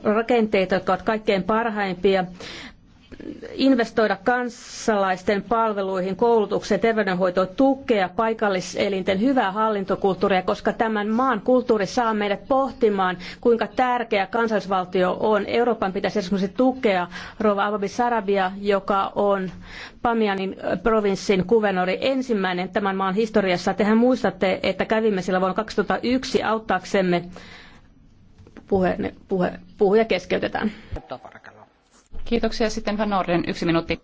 rakenteita, jotka ovat kaikkein parhaimpia investoida kansalaisten palveluihin, koulutukseen, terveydenhoitoon, tukea paikalliselinten hyvää hallintokulttuuria, koska tämän maan kulttuuri saa meidät pohtimaan, kuinka tärkeä kansallisvaltio on. Euroopan pitäisi esimerkiksi tukea Rova Ababi Sarabia, joka on Pamianin äh, provinssin kuvernori ensimmäinen tämän maan historiassa. Tehän muistatte, että kävimme sillä vuonna 2001 auttaaksemme puhe, puhe, puhuja keskeytetään. Kiitoksia. Sitten Van Norden, yksi minuutti.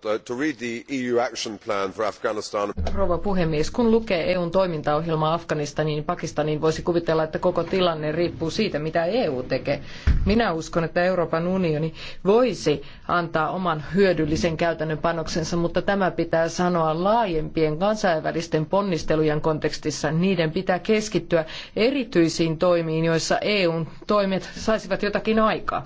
E Rouva puhemies, kun lukee EUn toimintaohjelmaa Afganistaniin ja Pakistaniin, voisi kuvitella, että koko tilanne riippuu siitä, mitä EU tekee. Minä uskon, että Euroopan unioni voisi antaa oman hyödyllisen käytännön panoksensa, mutta tämä pitää sanoa laajempien kansainvälisten ponnistelujen kontekstissa. Niiden pitää keskittyä erityisiin toimiin, joissa EUn toimet saisivat jotakin aikaa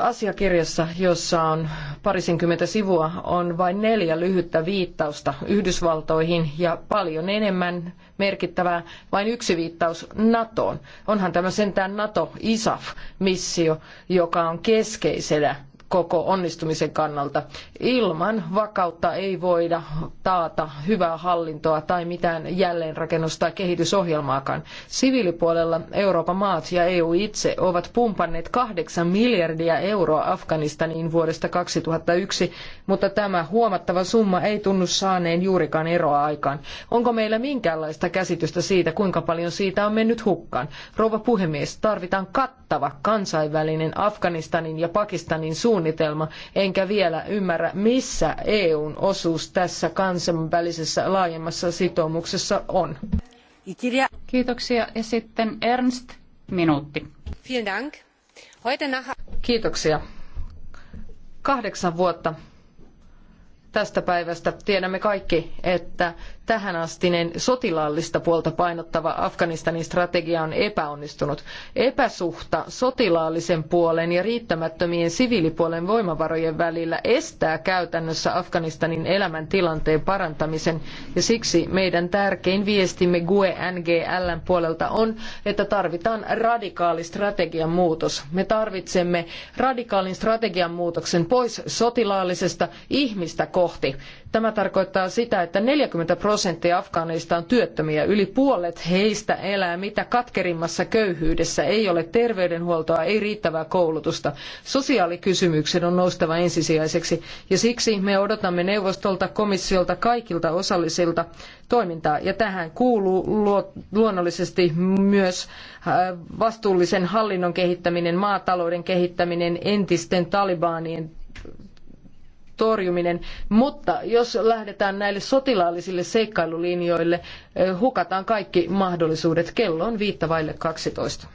asiakirjassa, jossa on parisenkymmentä sivua, on vain neljä lyhyttä viittausta Yhdysvaltoihin ja paljon enemmän merkittävää vain yksi viittaus NATOon. Onhan tämä sentään NATO-ISAF-missio, joka on keskeisenä koko onnistumisen kannalta. Ilman vakautta ei voida taata hyvää hallintoa tai mitään jälleenrakennus- tai kehitysohjelmaakaan. Siviilipuolella Euroopan maat ja EU itse ovat pumpanneet kahdeksan miljardia euroa Afganistaniin vuodesta 2001, mutta tämä huomattava summa ei tunnu saaneen juurikaan eroa aikaan. Onko meillä minkäänlaista käsitystä siitä, kuinka paljon siitä on mennyt hukkaan? Rouva puhemies, tarvitaan kattava kattava kansainvälinen Afganistanin ja Pakistanin suunnitelma, enkä vielä ymmärrä, missä EUn osuus tässä kansainvälisessä laajemmassa sitoumuksessa on. Kiitoksia. Ja sitten Ernst, minuutti. Kiitoksia. Kahdeksan vuotta tästä päivästä tiedämme kaikki, että tähänastinen sotilaallista puolta painottava Afganistanin strategia on epäonnistunut. Epäsuhta sotilaallisen puolen ja riittämättömien siviilipuolen voimavarojen välillä estää käytännössä Afganistanin elämäntilanteen parantamisen ja siksi meidän tärkein viestimme GUE NGLn puolelta on, että tarvitaan radikaali strategian muutos. Me tarvitsemme radikaalin strategian muutoksen pois sotilaallisesta ihmistä kohti. Tämä tarkoittaa sitä, että 40 prosenttia afgaaneista on työttömiä. Yli puolet heistä elää mitä katkerimmassa köyhyydessä. Ei ole terveydenhuoltoa, ei riittävää koulutusta. Sosiaalikysymyksen on noustava ensisijaiseksi ja siksi me odotamme neuvostolta, komissiolta, kaikilta osallisilta toimintaa. Ja tähän kuuluu luonnollisesti myös äh, vastuullisen hallinnon kehittäminen, maatalouden kehittäminen, entisten talibanien torjuminen. Mutta jos lähdetään näille sotilaallisille seikkailulinjoille, eh, hukataan kaikki mahdollisuudet. Kello on viitta vaille 12.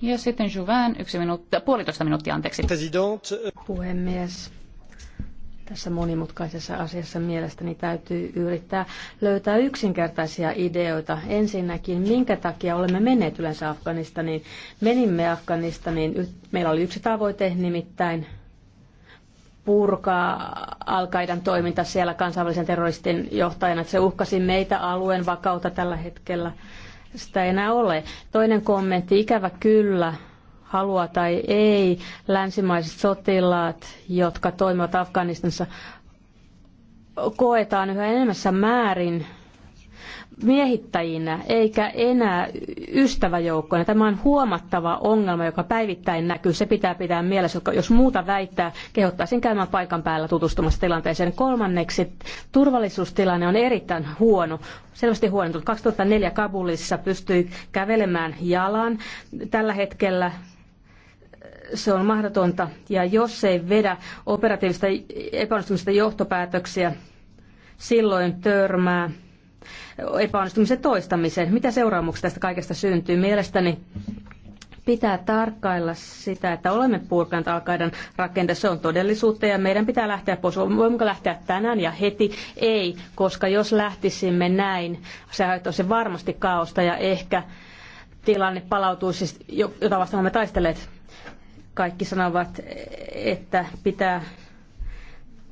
Ja sitten Juvain, yksi minuutti, puolitoista minuuttia, anteeksi. Puhemies tässä monimutkaisessa asiassa mielestäni täytyy yrittää löytää yksinkertaisia ideoita. Ensinnäkin, minkä takia olemme menneet yleensä Afganistaniin. Menimme Afganistaniin, meillä oli yksi tavoite, nimittäin purkaa alkaidan toiminta siellä kansainvälisen terroristin johtajana. Että se uhkasi meitä alueen vakautta tällä hetkellä. Sitä ei enää ole. Toinen kommentti, ikävä kyllä, halua tai ei, länsimaiset sotilaat, jotka toimivat Afganistanissa, koetaan yhä enemmässä määrin miehittäjinä eikä enää ystäväjoukkoina. Tämä on huomattava ongelma, joka päivittäin näkyy. Se pitää pitää mielessä, jos muuta väittää, kehottaisin käymään paikan päällä tutustumassa tilanteeseen. Kolmanneksi turvallisuustilanne on erittäin huono. Selvästi huonontunut. 2004 Kabulissa pystyi kävelemään jalan. Tällä hetkellä se on mahdotonta. Ja jos ei vedä operatiivista epäonnistumista johtopäätöksiä, silloin törmää epäonnistumisen toistamiseen. Mitä seuraamuksia tästä kaikesta syntyy? Mielestäni pitää tarkkailla sitä, että olemme purkaneet alkaiden rakenteessa. Se on todellisuutta ja meidän pitää lähteä pois. Voimmeko lähteä tänään ja heti? Ei, koska jos lähtisimme näin, se aiheuttaisi varmasti kaosta ja ehkä tilanne palautuisi, jota vastaan olemme taistelleet kaikki sanovat, että pitää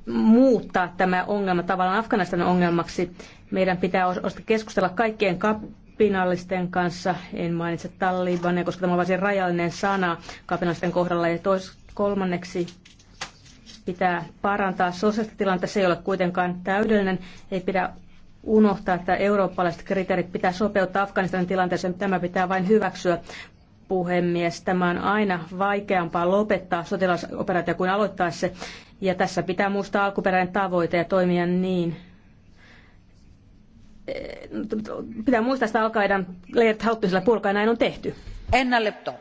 muuttaa tämä ongelma tavallaan Afganistanin ongelmaksi. Meidän pitää keskustella kaikkien kapinallisten kanssa, en mainitse Talibaneja, koska tämä on varsin rajallinen sana kapinallisten kohdalla. Ja tois, kolmanneksi pitää parantaa sosiaalista tilannetta, se ei ole kuitenkaan täydellinen, ei pidä unohtaa, että eurooppalaiset kriteerit pitää sopeuttaa Afganistanin tilanteeseen, tämä pitää vain hyväksyä, puhemies. Tämä on aina vaikeampaa lopettaa sotilasoperaatio kuin aloittaa se. Ja tässä pitää muistaa alkuperäinen tavoite ja toimia niin. Eh, pitää muistaa sitä alkaidan leirit hauttisella purkaa, näin on tehty. Enna Lepto.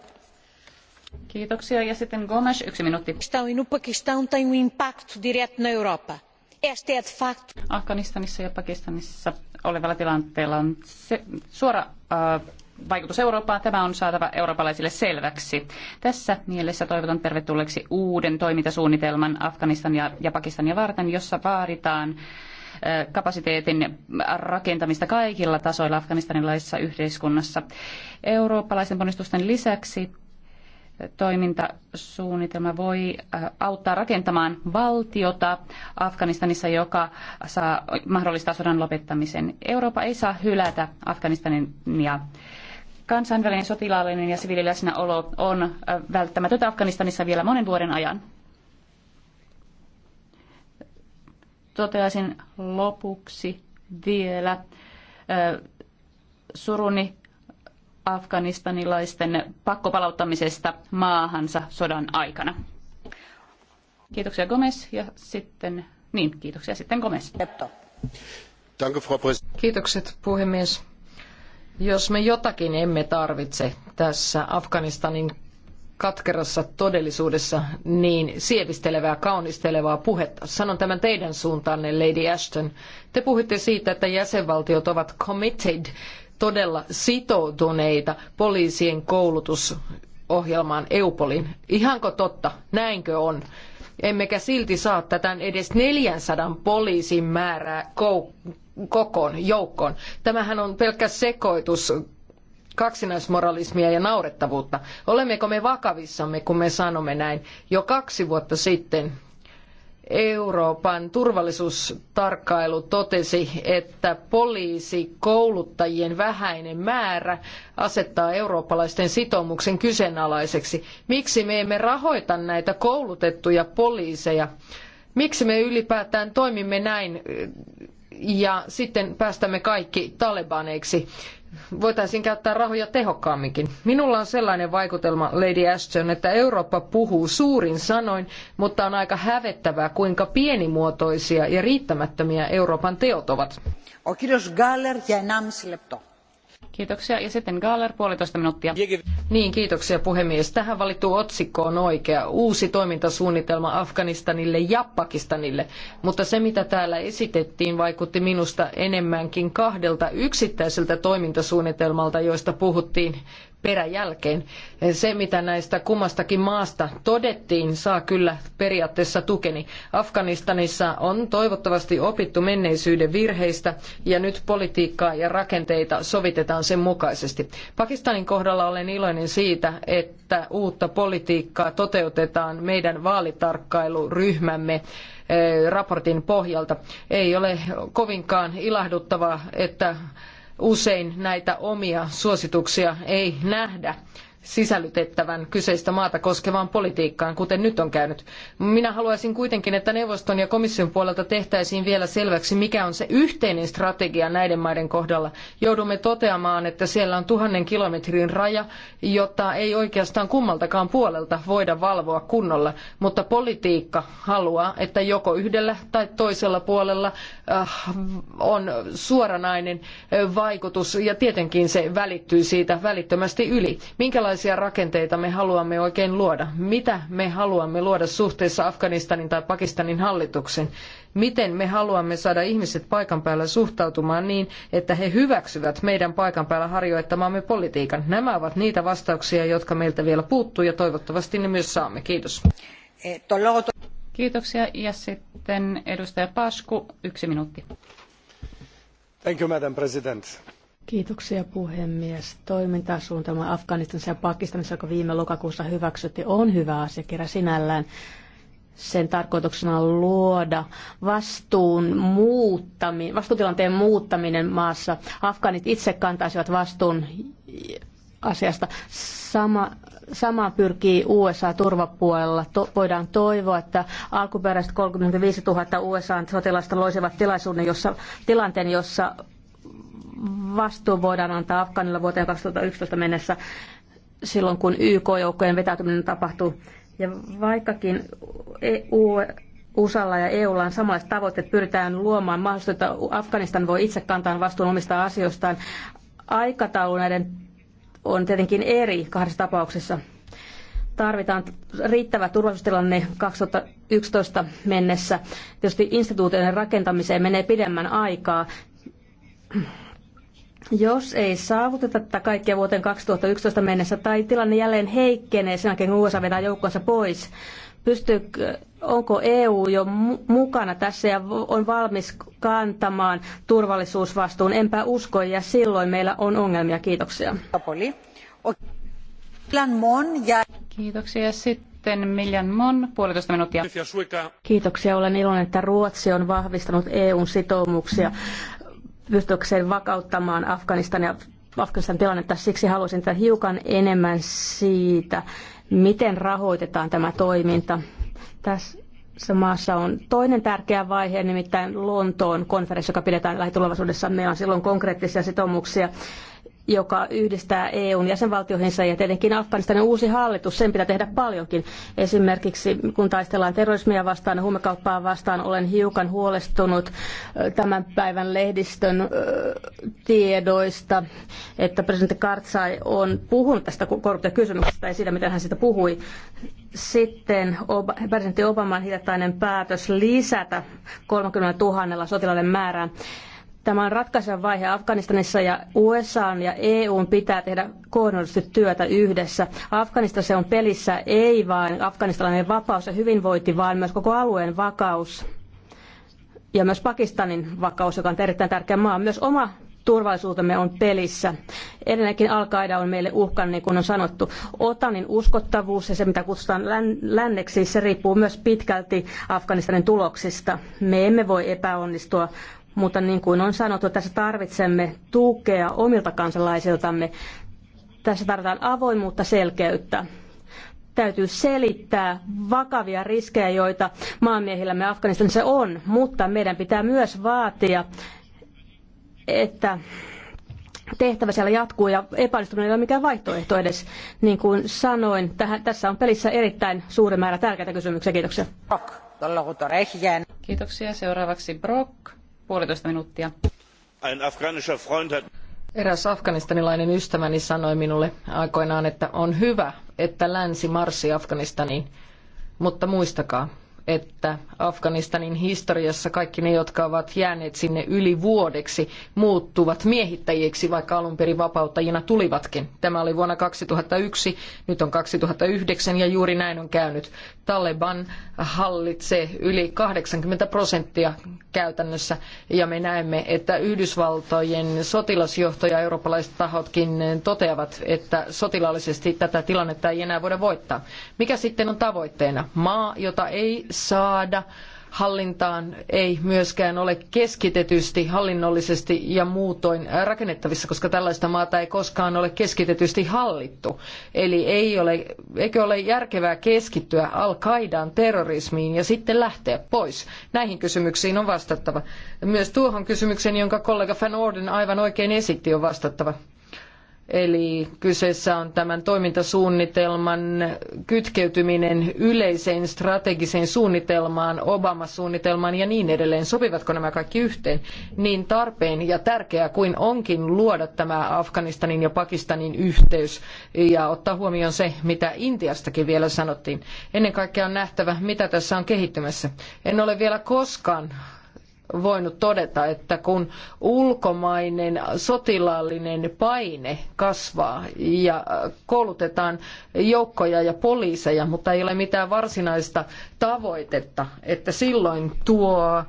Kiitoksia. Ja sitten Gomes, yksi minuutti. Um Afganistanissa ja Pakistanissa olevalla tilanteella on se, suora äh, vaikutus Eurooppaan, tämä on saatava eurooppalaisille selväksi. Tässä mielessä toivotan tervetulleeksi uuden toimintasuunnitelman Afganistan ja Pakistania varten, jossa vaaditaan kapasiteetin rakentamista kaikilla tasoilla afganistanilaisessa yhteiskunnassa. Eurooppalaisen ponnistusten lisäksi toimintasuunnitelma voi auttaa rakentamaan valtiota Afganistanissa, joka saa mahdollistaa sodan lopettamisen. Eurooppa ei saa hylätä Afganistanin ja Kansainvälinen sotilaallinen ja siviililäsnäolo on äh, välttämätöntä Afganistanissa vielä monen vuoden ajan. Toteaisin lopuksi vielä äh, suruni afganistanilaisten pakkopalauttamisesta maahansa sodan aikana. Kiitoksia Gomez ja sitten, niin, kiitoksia sitten Gomez. Kiitokset puhemies. Jos me jotakin emme tarvitse tässä Afganistanin katkerassa todellisuudessa niin sievistelevää, kaunistelevaa puhetta. Sanon tämän teidän suuntaanne, Lady Ashton. Te puhuitte siitä, että jäsenvaltiot ovat committed, todella sitoutuneita poliisien koulutusohjelmaan EUPOLin. Ihanko totta? Näinkö on? Emmekä silti saa tätä edes 400 poliisin määrää kokoon, joukkoon. Tämähän on pelkkä sekoitus kaksinaismoralismia ja naurettavuutta. Olemmeko me vakavissamme, kun me sanomme näin? Jo kaksi vuotta sitten Euroopan turvallisuustarkkailu totesi, että poliisikouluttajien vähäinen määrä asettaa eurooppalaisten sitoumuksen kyseenalaiseksi. Miksi me emme rahoita näitä koulutettuja poliiseja? Miksi me ylipäätään toimimme näin ja sitten päästämme kaikki talebaneiksi. Voitaisiin käyttää rahoja tehokkaamminkin. Minulla on sellainen vaikutelma, Lady Ashton, että Eurooppa puhuu suurin sanoin, mutta on aika hävettävää, kuinka pienimuotoisia ja riittämättömiä Euroopan teot ovat. O Galler ja 1,5 Kiitoksia. Ja sitten Gaaler, puolitoista minuuttia. Niin, kiitoksia puhemies. Tähän valittu otsikko on oikea. Uusi toimintasuunnitelma Afganistanille ja Pakistanille. Mutta se, mitä täällä esitettiin, vaikutti minusta enemmänkin kahdelta yksittäiseltä toimintasuunnitelmalta, joista puhuttiin peräjälkeen. Se, mitä näistä kummastakin maasta todettiin, saa kyllä periaatteessa tukeni. Afganistanissa on toivottavasti opittu menneisyyden virheistä ja nyt politiikkaa ja rakenteita sovitetaan sen mukaisesti. Pakistanin kohdalla olen iloinen siitä, että uutta politiikkaa toteutetaan meidän vaalitarkkailuryhmämme eh, raportin pohjalta. Ei ole kovinkaan ilahduttavaa, että usein näitä omia suosituksia ei nähdä sisällytettävän kyseistä maata koskevaan politiikkaan, kuten nyt on käynyt. Minä haluaisin kuitenkin, että neuvoston ja komission puolelta tehtäisiin vielä selväksi, mikä on se yhteinen strategia näiden maiden kohdalla. Joudumme toteamaan, että siellä on tuhannen kilometrin raja, jota ei oikeastaan kummaltakaan puolelta voida valvoa kunnolla, mutta politiikka haluaa, että joko yhdellä tai toisella puolella äh, on suoranainen äh, vaikutus ja tietenkin se välittyy siitä välittömästi yli. Minkälaista minkälaisia rakenteita me haluamme oikein luoda, mitä me haluamme luoda suhteessa Afganistanin tai Pakistanin hallituksen, miten me haluamme saada ihmiset paikan päällä suhtautumaan niin, että he hyväksyvät meidän paikan päällä harjoittamaamme politiikan. Nämä ovat niitä vastauksia, jotka meiltä vielä puuttuu ja toivottavasti ne myös saamme. Kiitos. Kiitoksia ja sitten edustaja Pasku, yksi minuutti. Thank you, Madam President Kiitoksia puhemies. Toimintasuuntama Afganistanissa ja Pakistanissa, joka viime lokakuussa hyväksytti, on hyvä asiakirja sinällään. Sen tarkoituksena on luoda vastuun muuttaminen, vastuutilanteen muuttaminen maassa. Afganit itse kantaisivat vastuun asiasta. Sama, sama pyrkii USA turvapuolella. To, voidaan toivoa, että alkuperäiset 35 000 USA sotilasta loisivat tilaisuuden, jossa, tilanteen, jossa vastuu voidaan antaa Afganilla vuoteen 2011 mennessä silloin, kun YK-joukkojen vetäytyminen tapahtuu. Ja vaikkakin EU, USAlla ja EUlla on samanlaiset tavoitteet, pyritään luomaan mahdollisuutta, että Afganistan voi itse kantaa vastuun omista asioistaan. Aikataulu näiden on tietenkin eri kahdessa tapauksessa. Tarvitaan riittävä turvallisuustilanne 2011 mennessä. Tietysti instituutioiden rakentamiseen menee pidemmän aikaa jos ei saavuteta tätä kaikkea vuoteen 2011 mennessä tai tilanne jälleen heikkenee sen jälkeen, kun USA vetää joukkonsa pois, pystyy, onko EU jo mukana tässä ja on valmis kantamaan turvallisuusvastuun? Enpä usko ja silloin meillä on ongelmia. Kiitoksia. Kiitoksia. Sitten Miljan Mon, puolitoista minuuttia. Kiitoksia. Olen iloinen, että Ruotsi on vahvistanut EUn sitoumuksia pystyäkseen vakauttamaan ja Afganistan tilannetta. Siksi haluaisin tätä hiukan enemmän siitä, miten rahoitetaan tämä toiminta. Tässä maassa on toinen tärkeä vaihe, nimittäin Lontoon konferenssi, joka pidetään lähitulevaisuudessa. Meillä on silloin konkreettisia sitoumuksia joka yhdistää EUn jäsenvaltioihinsa ja tietenkin Afganistanin uusi hallitus, sen pitää tehdä paljonkin. Esimerkiksi kun taistellaan terrorismia vastaan ja huumekauppaa vastaan, olen hiukan huolestunut tämän päivän lehdistön tiedoista, että presidentti Kartsai on puhunut tästä korruptiokysymyksestä ja siitä, miten hän siitä puhui. Sitten presidentti Obaman hiljattainen päätös lisätä 30 000 sotilaiden määrää Tämä on ratkaiseva vaihe Afganistanissa ja USA ja n pitää tehdä koordinoidusti työtä yhdessä. Afganistanissa on pelissä ei vain afganistalainen vapaus ja hyvinvointi, vaan myös koko alueen vakaus ja myös Pakistanin vakaus, joka on erittäin tärkeä maa. Myös oma turvallisuutemme on pelissä. Edelleenkin al on meille uhka, niin kuin on sanottu. Otanin uskottavuus ja se, mitä kutsutaan länneksi, se riippuu myös pitkälti Afganistanin tuloksista. Me emme voi epäonnistua mutta niin kuin on sanottu, tässä tarvitsemme tukea omilta kansalaisiltamme. Tässä tarvitaan avoimuutta, selkeyttä. Täytyy selittää vakavia riskejä, joita maamiehillämme Afganistanissa on, mutta meidän pitää myös vaatia, että tehtävä siellä jatkuu ja epäonnistuminen ei ole mikään vaihtoehto edes. Niin kuin sanoin, tähän, tässä on pelissä erittäin suuri määrä tärkeitä kysymyksiä. Kiitoksia. Kiitoksia. Seuraavaksi Brock puolitoista minuuttia. Eräs afganistanilainen ystäväni sanoi minulle aikoinaan, että on hyvä, että länsi marssi Afganistaniin, mutta muistakaa, että Afganistanin historiassa kaikki ne, jotka ovat jääneet sinne yli vuodeksi, muuttuvat miehittäjiksi, vaikka alun perin vapauttajina tulivatkin. Tämä oli vuonna 2001, nyt on 2009 ja juuri näin on käynyt. Taleban hallitsee yli 80 prosenttia käytännössä ja me näemme, että Yhdysvaltojen sotilasjohto ja eurooppalaiset tahotkin toteavat, että sotilaallisesti tätä tilannetta ei enää voida voittaa. Mikä sitten on tavoitteena? Maa, jota ei saada hallintaan ei myöskään ole keskitetysti, hallinnollisesti ja muutoin rakennettavissa, koska tällaista maata ei koskaan ole keskitetysti hallittu. Eli ei ole, eikö ole järkevää keskittyä Al-Qaidaan, terrorismiin ja sitten lähteä pois? Näihin kysymyksiin on vastattava. Myös tuohon kysymykseen, jonka kollega Van Orden aivan oikein esitti, on vastattava. Eli kyseessä on tämän toimintasuunnitelman kytkeytyminen yleiseen strategiseen suunnitelmaan, Obama-suunnitelmaan ja niin edelleen. Sopivatko nämä kaikki yhteen? Niin tarpeen ja tärkeää kuin onkin luoda tämä Afganistanin ja Pakistanin yhteys ja ottaa huomioon se, mitä Intiastakin vielä sanottiin. Ennen kaikkea on nähtävä, mitä tässä on kehittymässä. En ole vielä koskaan voinut todeta, että kun ulkomainen sotilaallinen paine kasvaa ja koulutetaan joukkoja ja poliiseja, mutta ei ole mitään varsinaista tavoitetta, että silloin tuo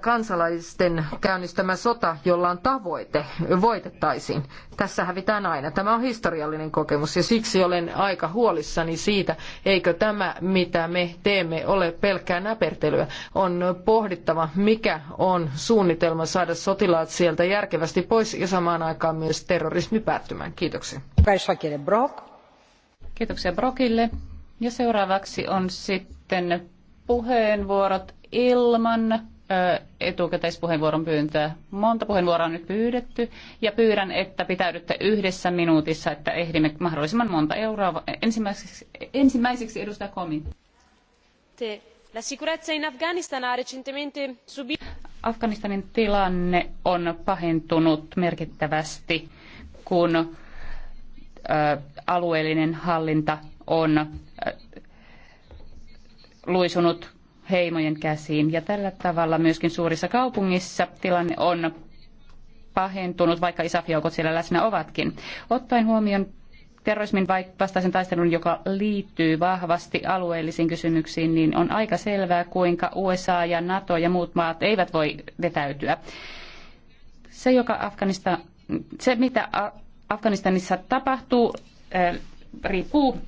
kansalaisten käynnistämä sota, jolla on tavoite, voitettaisiin. Tässä hävitään aina. Tämä on historiallinen kokemus ja siksi olen aika huolissani siitä, eikö tämä, mitä me teemme, ole pelkkää näpertelyä. On pohdittava, mikä on suunnitelma saada sotilaat sieltä järkevästi pois ja samaan aikaan myös terrorismi päättymään. Kiitoksia. Kiitoksia Brokille. Ja seuraavaksi on sitten puheenvuorot ilman etukäteispuheenvuoron pyyntöä. Monta puheenvuoroa on nyt pyydetty ja pyydän, että pitäydytte yhdessä minuutissa, että ehdimme mahdollisimman monta euroa. Ensimmäiseksi, ensimmäiseksi edustaja Komi. La sicurezza in Afghanistan ha recentemente subito... Afganistanin tilanne on pahentunut merkittävästi, kun alueellinen hallinta on luisunut heimojen käsiin. Ja tällä tavalla myöskin suurissa kaupungissa tilanne on pahentunut, vaikka ISAF-joukot siellä läsnä ovatkin. Ottaen huomioon terrorismin vastaisen taistelun, joka liittyy vahvasti alueellisiin kysymyksiin, niin on aika selvää, kuinka USA ja NATO ja muut maat eivät voi vetäytyä. Se, joka Afganista, se mitä Afganistanissa tapahtuu, eh, riippuu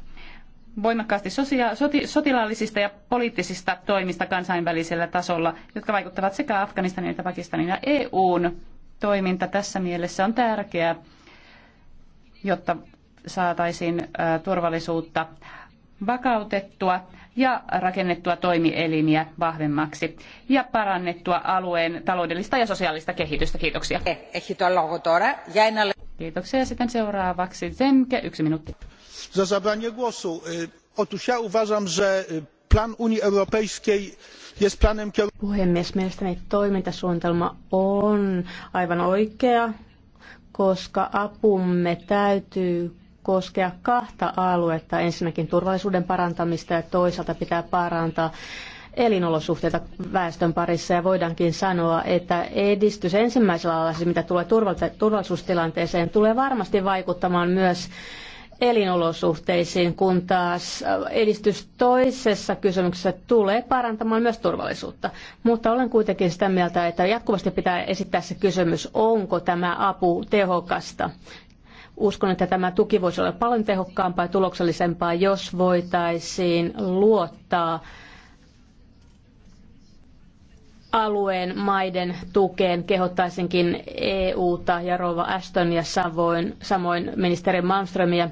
voimakkaasti sosia- soti- sotilaallisista ja poliittisista toimista kansainvälisellä tasolla, jotka vaikuttavat sekä Afganistanin että Pakistanin ja EUn toiminta tässä mielessä on tärkeää, jotta saataisiin turvallisuutta vakautettua ja rakennettua toimielimiä vahvemmaksi ja parannettua alueen taloudellista ja sosiaalista kehitystä. Kiitoksia. Eh, Kiitoksia. Sitten seuraavaksi Zemke, yksi minuutti. Za zabranie głosu. Otóż ja uważam, że plan Unii Europejskiej jest planem Puhemies, mielestäni toimintasuunnitelma on aivan oikea, koska apumme täytyy koskea kahta aluetta. Ensinnäkin turvallisuuden parantamista ja toisaalta pitää parantaa elinolosuhteita väestön parissa ja voidaankin sanoa, että edistys ensimmäisellä alalla, siis mitä tulee turvallisuustilanteeseen, tulee varmasti vaikuttamaan myös elinolosuhteisiin, kun taas edistys toisessa kysymyksessä tulee parantamaan myös turvallisuutta. Mutta olen kuitenkin sitä mieltä, että jatkuvasti pitää esittää se kysymys, onko tämä apu tehokasta Uskon, että tämä tuki voisi olla paljon tehokkaampaa ja tuloksellisempaa, jos voitaisiin luottaa alueen maiden tukeen kehottaisinkin EUta ja Rova Ashton ja Savoin, samoin ministeri Malmströmiä äh,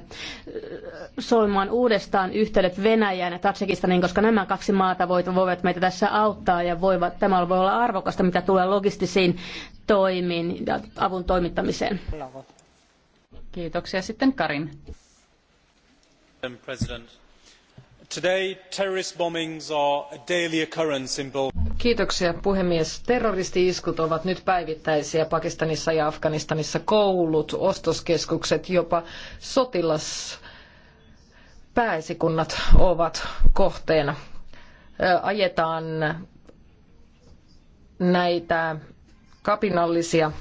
solmaan uudestaan yhteydet Venäjään ja Tatsikistanin, koska nämä kaksi maata voivat meitä tässä auttaa ja voivat, tämä voi olla arvokasta, mitä tulee logistisiin toimiin ja avun toimittamiseen. Kiitoksia sitten Karin. Today, terrorist bombings are a daily occurrence in Kiitoksia puhemies. Terroristi-iskut ovat nyt päivittäisiä Pakistanissa ja Afganistanissa. Koulut, ostoskeskukset, jopa sotilaspääsikunnat ovat kohteena. Ajetaan näitä kapinallisia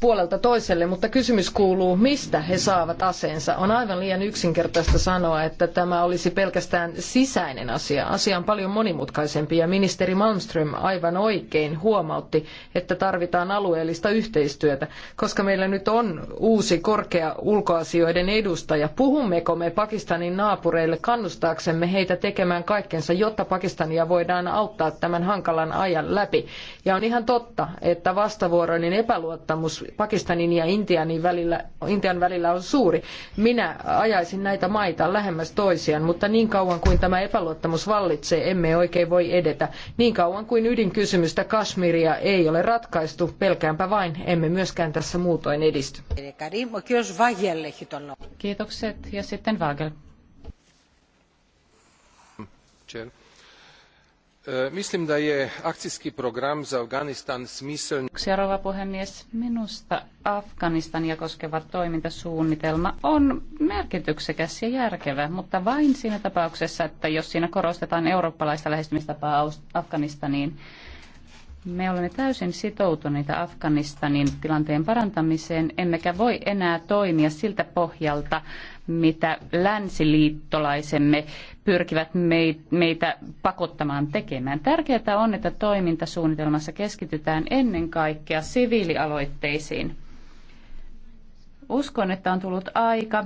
puolelta toiselle, mutta kysymys kuuluu, mistä he saavat aseensa. On aivan liian yksinkertaista sanoa, että tämä olisi pelkästään sisäinen asia. Asia on paljon monimutkaisempi ja ministeri Malmström aivan oikein huomautti, että tarvitaan alueellista yhteistyötä, koska meillä nyt on uusi korkea ulkoasioiden edustaja. Puhummeko me Pakistanin naapureille kannustaaksemme heitä tekemään kaikkensa, jotta Pakistania voidaan auttaa tämän hankalan ajan läpi? Ja on ihan totta, että vastavuoroinen epäluottamus Pakistanin ja Intianin välillä, Intian välillä on suuri. Minä ajaisin näitä maita lähemmäs toisiaan, mutta niin kauan kuin tämä epäluottamus vallitsee, emme oikein voi edetä. Niin kauan kuin ydinkysymystä Kashmiria ei ole ratkaistu, pelkäänpä vain, emme myöskään tässä muutoin edisty. Kiitokset ja sitten Vagel. E, mislim da je akcijski program za Afganistan smiselni. Rouva puhemies, minusta Afganistania koskeva toimintasuunnitelma on merkityksekäs ja järkevä, mutta vain siinä tapauksessa, että jos siinä korostetaan eurooppalaista lähestymistapaa Afganistaniin. Me olemme täysin sitoutuneita Afganistanin tilanteen parantamiseen, emmekä voi enää toimia siltä pohjalta, mitä länsiliittolaisemme pyrkivät meitä pakottamaan tekemään. Tärkeää on, että toimintasuunnitelmassa keskitytään ennen kaikkea siviilialoitteisiin. Uskon, että on tullut aika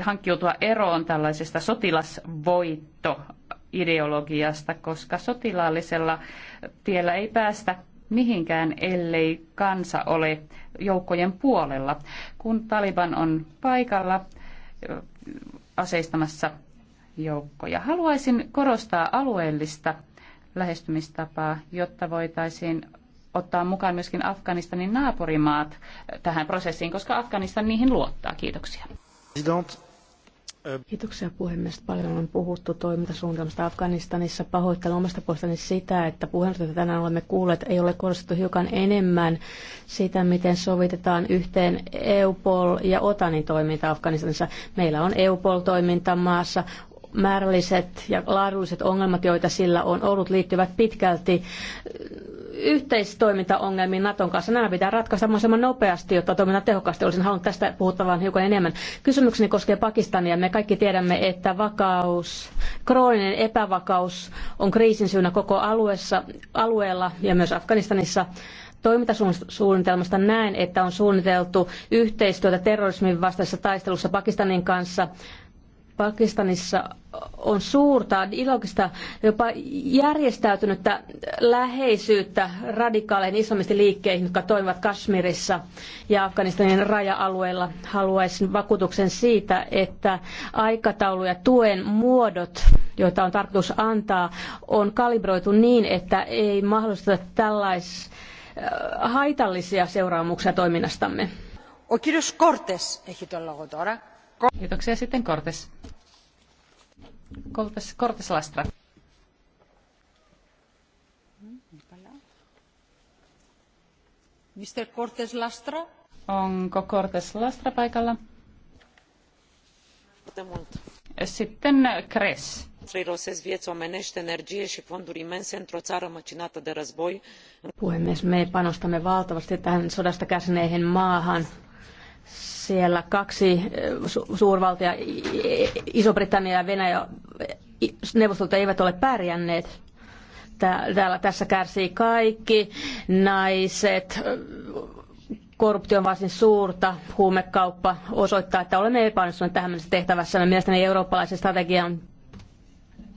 hankkiutua eroon tällaisesta sotilasvoittoideologiasta, koska sotilaallisella tiellä ei päästä mihinkään, ellei kansa ole joukkojen puolella. Kun Taliban on paikalla aseistamassa joukkoja. Haluaisin korostaa alueellista lähestymistapaa, jotta voitaisiin ottaa mukaan myöskin Afganistanin naapurimaat tähän prosessiin, koska Afganistan niihin luottaa. Kiitoksia. Kiitoksia puhemies. Paljon on puhuttu toimintasuunnitelmasta Afganistanissa. Pahoittelen omasta puolestani sitä, että puheenjohtaja tänään olemme kuulleet, ei ole korostettu hiukan enemmän sitä, miten sovitetaan yhteen EUPOL ja OTANin toiminta Afganistanissa. Meillä on EUPOL-toiminta maassa, määrälliset ja laadulliset ongelmat, joita sillä on ollut, liittyvät pitkälti yhteistoimintaongelmiin Naton kanssa. Nämä pitää ratkaista mahdollisimman nopeasti, jotta toiminta tehokkaasti. Olisin halunnut tästä puhuttavan hiukan enemmän. Kysymykseni koskee Pakistania. Me kaikki tiedämme, että vakaus, krooninen epävakaus on kriisin syynä koko alueessa, alueella ja myös Afganistanissa toimintasuunnitelmasta näen, että on suunniteltu yhteistyötä terrorismin vastaisessa taistelussa Pakistanin kanssa Pakistanissa on suurta ilokista, jopa järjestäytynyttä läheisyyttä radikaaleihin liikkeihin, jotka toimivat Kashmirissa ja Afganistanin raja-alueella. Haluaisin vakuutuksen siitä, että aikataulu ja tuen muodot, joita on tarkoitus antaa, on kalibroitu niin, että ei mahdollista tällais äh, haitallisia seuraamuksia toiminnastamme. Ο Cortes, Κόρτες έχει Kiitoksia sitten Cortes. Cortes, Cortes Lastra. Mr. Cortes Lastra? Onko Cortes Lastra paikalla? Sitten Cres. vieți omenești, energie și fonduri imense într-o țară măcinată de război. Puhemies, me panostamme valtavasti tähän sodasta käsineihin maahan siellä kaksi eh, suurvaltia, Iso-Britannia ja Venäjä, neuvostolta eivät ole pärjänneet. Täällä tässä kärsii kaikki, naiset, korruptio on varsin suurta, huumekauppa osoittaa, että olemme epäonnistuneet tähän mennessä tehtävässä. Mielestäni eurooppalaisen strategian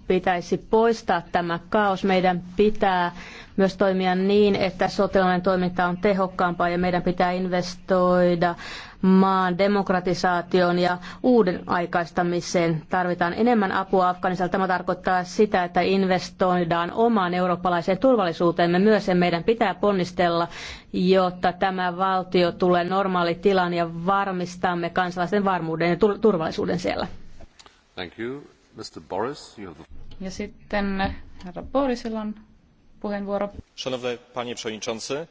pitäisi poistaa tämä kaos. Meidän pitää myös toimia niin, että sotilainen toiminta on tehokkaampaa ja meidän pitää investoida maan demokratisaation ja uuden aikaistamiseen. Tarvitaan enemmän apua Afganistanilta. Tämä tarkoittaa sitä, että investoidaan omaan eurooppalaiseen turvallisuuteemme myös ja meidän pitää ponnistella, jotta tämä valtio tulee normaali tilan ja varmistamme kansalaisten varmuuden ja turvallisuuden siellä. Thank you. Mr. Boris, you have the... Ja sitten herra Borisilla on puheenvuoro. Szanowny panie przewodniczący,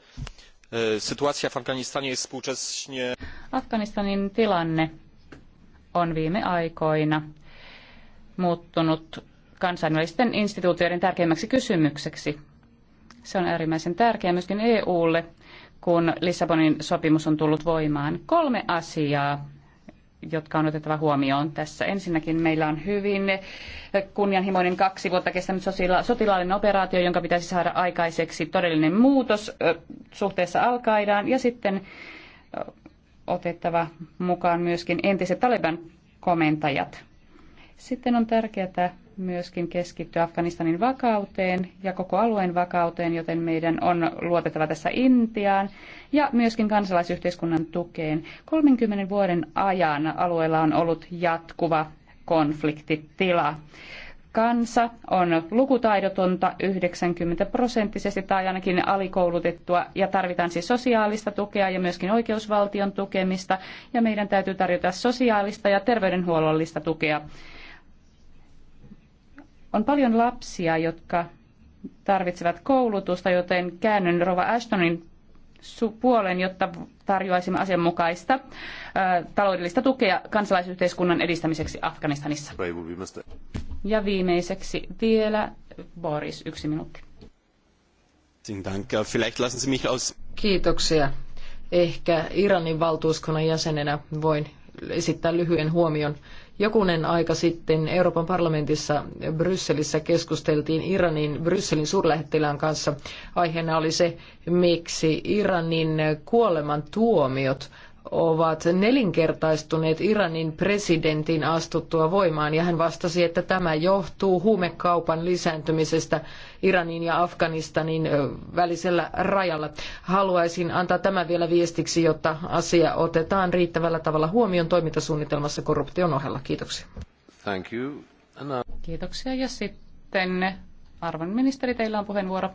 e, sytuacja w Afganistanie jest współcześnie... Afganistanin tilanne on viime aikoina muuttunut kansainvälisten instituutioiden tärkeimmäksi kysymykseksi. Se on äärimmäisen tärkeää myöskin EUlle, kun Lissabonin sopimus on tullut voimaan. Kolme asiaa jotka on otettava huomioon tässä. Ensinnäkin meillä on hyvin kunnianhimoinen kaksi vuotta kestänyt sotilaallinen operaatio, jonka pitäisi saada aikaiseksi todellinen muutos suhteessa alkaidaan ja sitten otettava mukaan myöskin entiset Taliban komentajat. Sitten on tärkeää myöskin keskittyä Afganistanin vakauteen ja koko alueen vakauteen, joten meidän on luotettava tässä Intiaan ja myöskin kansalaisyhteiskunnan tukeen. 30 vuoden ajan alueella on ollut jatkuva konfliktitila. Kansa on lukutaidotonta 90 prosenttisesti tai ainakin alikoulutettua ja tarvitaan siis sosiaalista tukea ja myöskin oikeusvaltion tukemista ja meidän täytyy tarjota sosiaalista ja terveydenhuollollista tukea on paljon lapsia, jotka tarvitsevat koulutusta, joten käännyn Rova Ashtonin puolen, jotta tarjoaisimme asianmukaista ä, taloudellista tukea kansalaisyhteiskunnan edistämiseksi Afganistanissa. Ja viimeiseksi vielä Boris, yksi minuutti. Kiitoksia. Ehkä Iranin valtuuskunnan jäsenenä voin esittää lyhyen huomion. Jokunen aika sitten Euroopan parlamentissa Brysselissä keskusteltiin Iranin, Brysselin suurlähettilään kanssa. Aiheena oli se, miksi Iranin kuolemantuomiot ovat nelinkertaistuneet Iranin presidentin astuttua voimaan ja hän vastasi, että tämä johtuu huumekaupan lisääntymisestä Iranin ja Afganistanin välisellä rajalla. Haluaisin antaa tämän vielä viestiksi, jotta asia otetaan riittävällä tavalla huomioon toimintasuunnitelmassa korruption ohella. Kiitoksia. Thank you. Anna. Kiitoksia ja sitten arvon ministeri, teillä on puheenvuoro.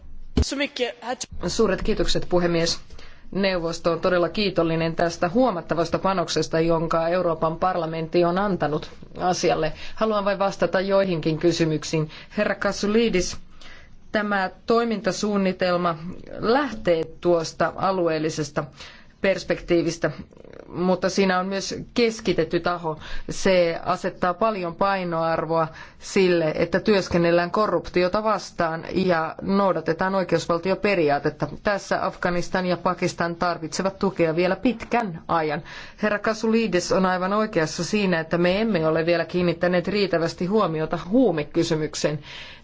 Suuret kiitokset puhemies neuvosto on todella kiitollinen tästä huomattavasta panoksesta, jonka Euroopan parlamentti on antanut asialle. Haluan vain vastata joihinkin kysymyksiin. Herra Kasulidis, tämä toimintasuunnitelma lähtee tuosta alueellisesta perspektiivistä, mutta siinä on myös keskitetty taho. Se asettaa paljon painoarvoa sille, että työskennellään korruptiota vastaan ja noudatetaan oikeusvaltioperiaatetta. Tässä Afganistan ja Pakistan tarvitsevat tukea vielä pitkän ajan. Herra Kasulides on aivan oikeassa siinä, että me emme ole vielä kiinnittäneet riittävästi huomiota huumekysymykseen.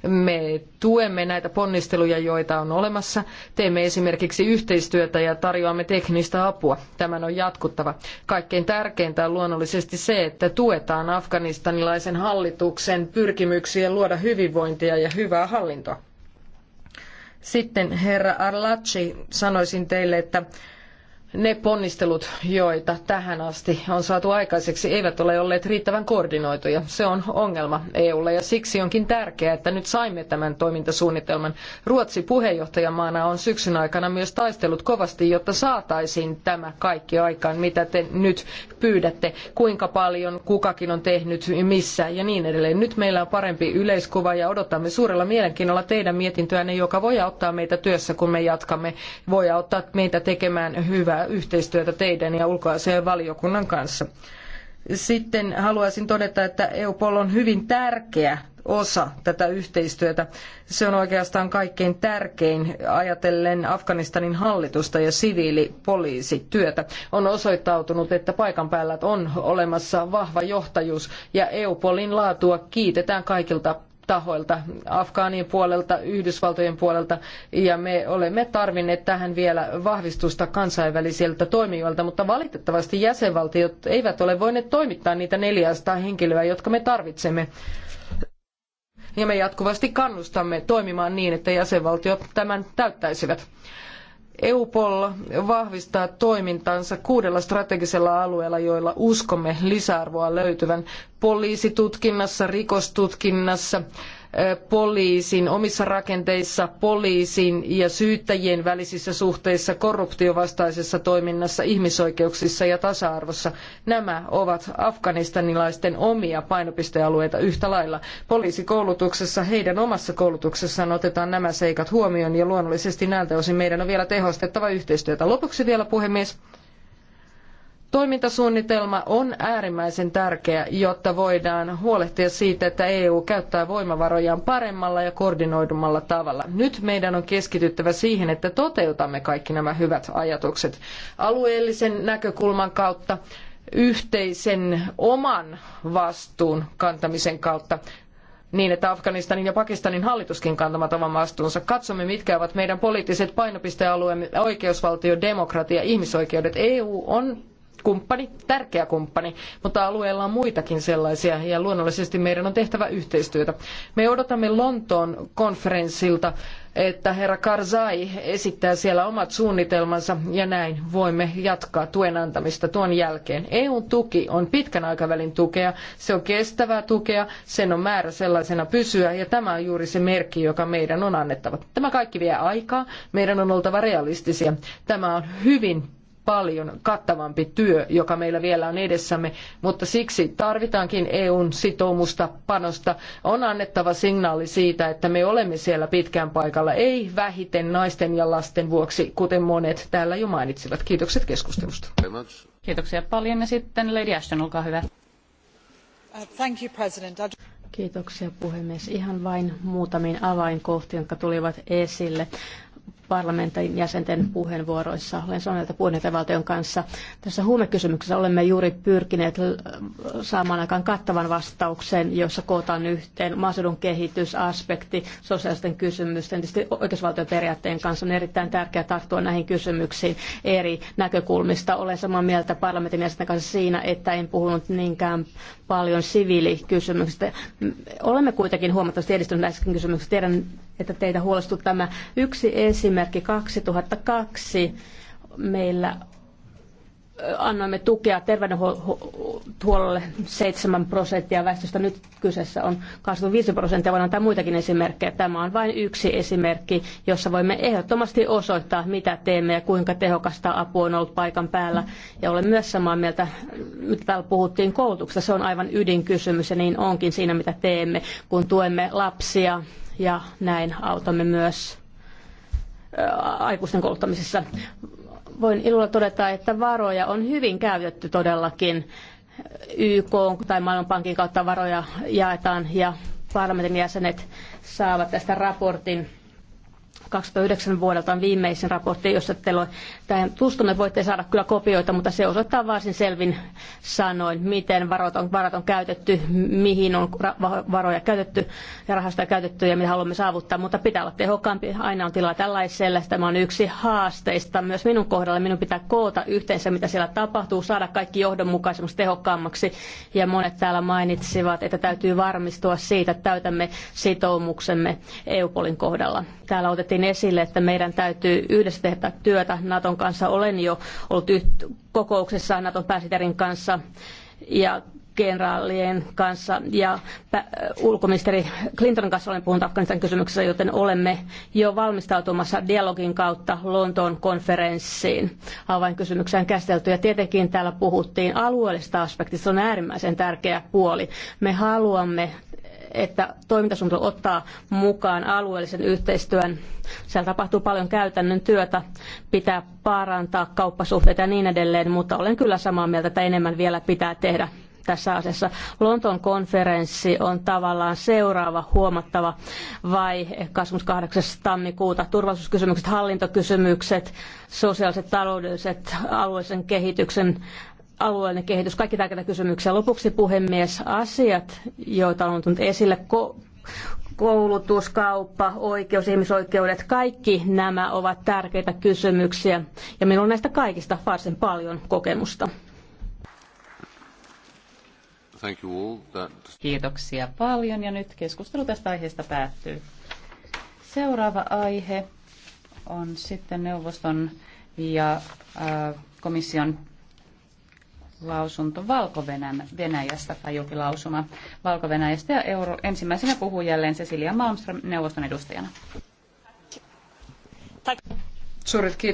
Me tuemme näitä ponnisteluja, joita on olemassa. Teemme esimerkiksi yhteistyötä ja tarjoamme teknistä apua. Tämän on jatkuttava. Kaikkein tärkeintä on luonnollisesti se, että tuetaan afganistanilaisen hallituksen pyrkimyksiä luoda hyvinvointia ja hyvää hallintoa. Sitten herra Arlachi, sanoisin teille, että ne ponnistelut, joita tähän asti on saatu aikaiseksi, eivät ole olleet riittävän koordinoituja. Se on ongelma EUlle ja siksi onkin tärkeää, että nyt saimme tämän toimintasuunnitelman. Ruotsi puheenjohtajamaana on syksyn aikana myös taistellut kovasti, jotta saataisiin tämä kaikki aikaan, mitä te nyt pyydätte, kuinka paljon kukakin on tehnyt, missä ja niin edelleen. Nyt meillä on parempi yleiskuva ja odotamme suurella mielenkiinnolla teidän mietintöänne, joka voi auttaa meitä työssä, kun me jatkamme, voi auttaa meitä tekemään hyvää hyvää yhteistyötä teidän ja ulkoasian valiokunnan kanssa. Sitten haluaisin todeta, että EUPOL on hyvin tärkeä osa tätä yhteistyötä. Se on oikeastaan kaikkein tärkein ajatellen Afganistanin hallitusta ja siviilipoliisityötä. On osoittautunut, että paikan päällä on olemassa vahva johtajuus ja EUPOLin laatua kiitetään kaikilta tahoilta, Afgaanien puolelta, Yhdysvaltojen puolelta, ja me olemme tarvinneet tähän vielä vahvistusta kansainvälisiltä toimijoilta, mutta valitettavasti jäsenvaltiot eivät ole voineet toimittaa niitä 400 henkilöä, jotka me tarvitsemme. Ja me jatkuvasti kannustamme toimimaan niin, että jäsenvaltiot tämän täyttäisivät. EUPOL vahvistaa toimintansa kuudella strategisella alueella, joilla uskomme lisäarvoa löytyvän poliisitutkinnassa, rikostutkinnassa, poliisin omissa rakenteissa, poliisin ja syyttäjien välisissä suhteissa, korruptiovastaisessa toiminnassa, ihmisoikeuksissa ja tasa-arvossa. Nämä ovat afganistanilaisten omia painopistealueita yhtä lailla. Poliisikoulutuksessa, heidän omassa koulutuksessaan otetaan nämä seikat huomioon ja luonnollisesti näiltä osin meidän on vielä tehostettava yhteistyötä. Lopuksi vielä puhemies. Toimintasuunnitelma on äärimmäisen tärkeä, jotta voidaan huolehtia siitä, että EU käyttää voimavarojaan paremmalla ja koordinoidummalla tavalla. Nyt meidän on keskityttävä siihen, että toteutamme kaikki nämä hyvät ajatukset alueellisen näkökulman kautta, yhteisen oman vastuun kantamisen kautta, niin, että Afganistanin ja Pakistanin hallituskin kantavat oman vastuunsa. Katsomme, mitkä ovat meidän poliittiset painopistealueemme, oikeusvaltio, demokratia, ihmisoikeudet. EU on kumppani, tärkeä kumppani, mutta alueella on muitakin sellaisia ja luonnollisesti meidän on tehtävä yhteistyötä. Me odotamme Lontoon konferenssilta, että herra Karzai esittää siellä omat suunnitelmansa ja näin voimme jatkaa tuen antamista tuon jälkeen. eu tuki on pitkän aikavälin tukea, se on kestävää tukea, sen on määrä sellaisena pysyä ja tämä on juuri se merkki, joka meidän on annettava. Tämä kaikki vie aikaa, meidän on oltava realistisia. Tämä on hyvin paljon kattavampi työ, joka meillä vielä on edessämme, mutta siksi tarvitaankin EUn sitoumusta, panosta. On annettava signaali siitä, että me olemme siellä pitkään paikalla, ei vähiten naisten ja lasten vuoksi, kuten monet täällä jo mainitsivat. Kiitokset keskustelusta. Kiitoksia paljon ja sitten Lady Ashton, olkaa hyvä. Thank you, President. Kiitoksia puhemies. Ihan vain muutamiin avainkohtiin, jotka tulivat esille parlamentin jäsenten puheenvuoroissa. Olen samaa mieltä puheenjohtajavaltion kanssa. Tässä huumekysymyksessä olemme juuri pyrkineet saamaan aikaan kattavan vastauksen, jossa kootaan yhteen maaseudun kehitysaspekti sosiaalisten kysymysten. Tietysti periaatteen kanssa on erittäin tärkeää tarttua näihin kysymyksiin eri näkökulmista. Olen samaa mieltä parlamentin jäsenten kanssa siinä, että en puhunut niinkään paljon siviilikysymyksistä. Olemme kuitenkin huomattavasti edistyneet näissä kysymyksissä. Tiedän että teitä huolestuttaa tämä. Yksi esimerkki 2002 meillä annoimme tukea terveydenhuollolle 7 prosenttia väestöstä. Nyt kyseessä on 25 prosenttia. Voidaan antaa muitakin esimerkkejä. Tämä on vain yksi esimerkki, jossa voimme ehdottomasti osoittaa, mitä teemme ja kuinka tehokasta apu on ollut paikan päällä. Ja olen myös samaa mieltä, mitä täällä puhuttiin koulutuksesta. Se on aivan ydinkysymys ja niin onkin siinä, mitä teemme, kun tuemme lapsia ja näin autamme myös aikuisten kouluttamisessa voin ilolla todeta, että varoja on hyvin käytetty todellakin. YK tai Maailmanpankin kautta varoja jaetaan ja parlamentin jäsenet saavat tästä raportin 2009 vuodelta on viimeisin raportti, jossa teillä on tähän että Voitte saada kyllä kopioita, mutta se osoittaa varsin selvin sanoin, miten varat on, varat on käytetty, mihin on varoja käytetty ja rahasta käytetty ja mitä haluamme saavuttaa. Mutta pitää olla tehokkaampi. Aina on tilaa tällaiselle. Tämä on yksi haasteista myös minun kohdalla. Minun pitää koota yhteensä, mitä siellä tapahtuu, saada kaikki johdonmukaisemmaksi, tehokkaammaksi. Ja monet täällä mainitsivat, että täytyy varmistua siitä, että täytämme sitoumuksemme EUPOLin kohdalla. Täällä otettiin otettiin esille, että meidän täytyy yhdessä tehdä työtä Naton kanssa. Olen jo ollut kokouksessa Naton pääsihteerin kanssa ja kenraalien kanssa ja ulkoministeri Clintonin kanssa olen puhunut Afganistan kysymyksessä, joten olemme jo valmistautumassa dialogin kautta Lontoon konferenssiin avainkysymykseen käsitelty. Ja tietenkin täällä puhuttiin alueellisesta aspektista, se on äärimmäisen tärkeä puoli. Me haluamme että toimintasuunnitelma ottaa mukaan alueellisen yhteistyön. Siellä tapahtuu paljon käytännön työtä, pitää parantaa kauppasuhteita ja niin edelleen, mutta olen kyllä samaa mieltä, että enemmän vielä pitää tehdä tässä asiassa. Lontoon konferenssi on tavallaan seuraava huomattava vaihe 28. tammikuuta. Turvallisuuskysymykset, hallintokysymykset, sosiaaliset, taloudelliset, alueellisen kehityksen alueellinen kehitys, kaikki tärkeitä kysymyksiä. Lopuksi puhemies, asiat, joita on tullut esille, ko- koulutus, kauppa, oikeus, ihmisoikeudet, kaikki nämä ovat tärkeitä kysymyksiä. Ja minulla on näistä kaikista varsin paljon kokemusta. Kiitoksia paljon ja nyt keskustelu tästä aiheesta päättyy. Seuraava aihe on sitten neuvoston ja komission lausunto Valko-Venäjästä tai jokin lausuma Valko-Venäjästä ja euro, ensimmäisenä puhuu jälleen Cecilia Malmström neuvoston edustajana. Suuret kiitos.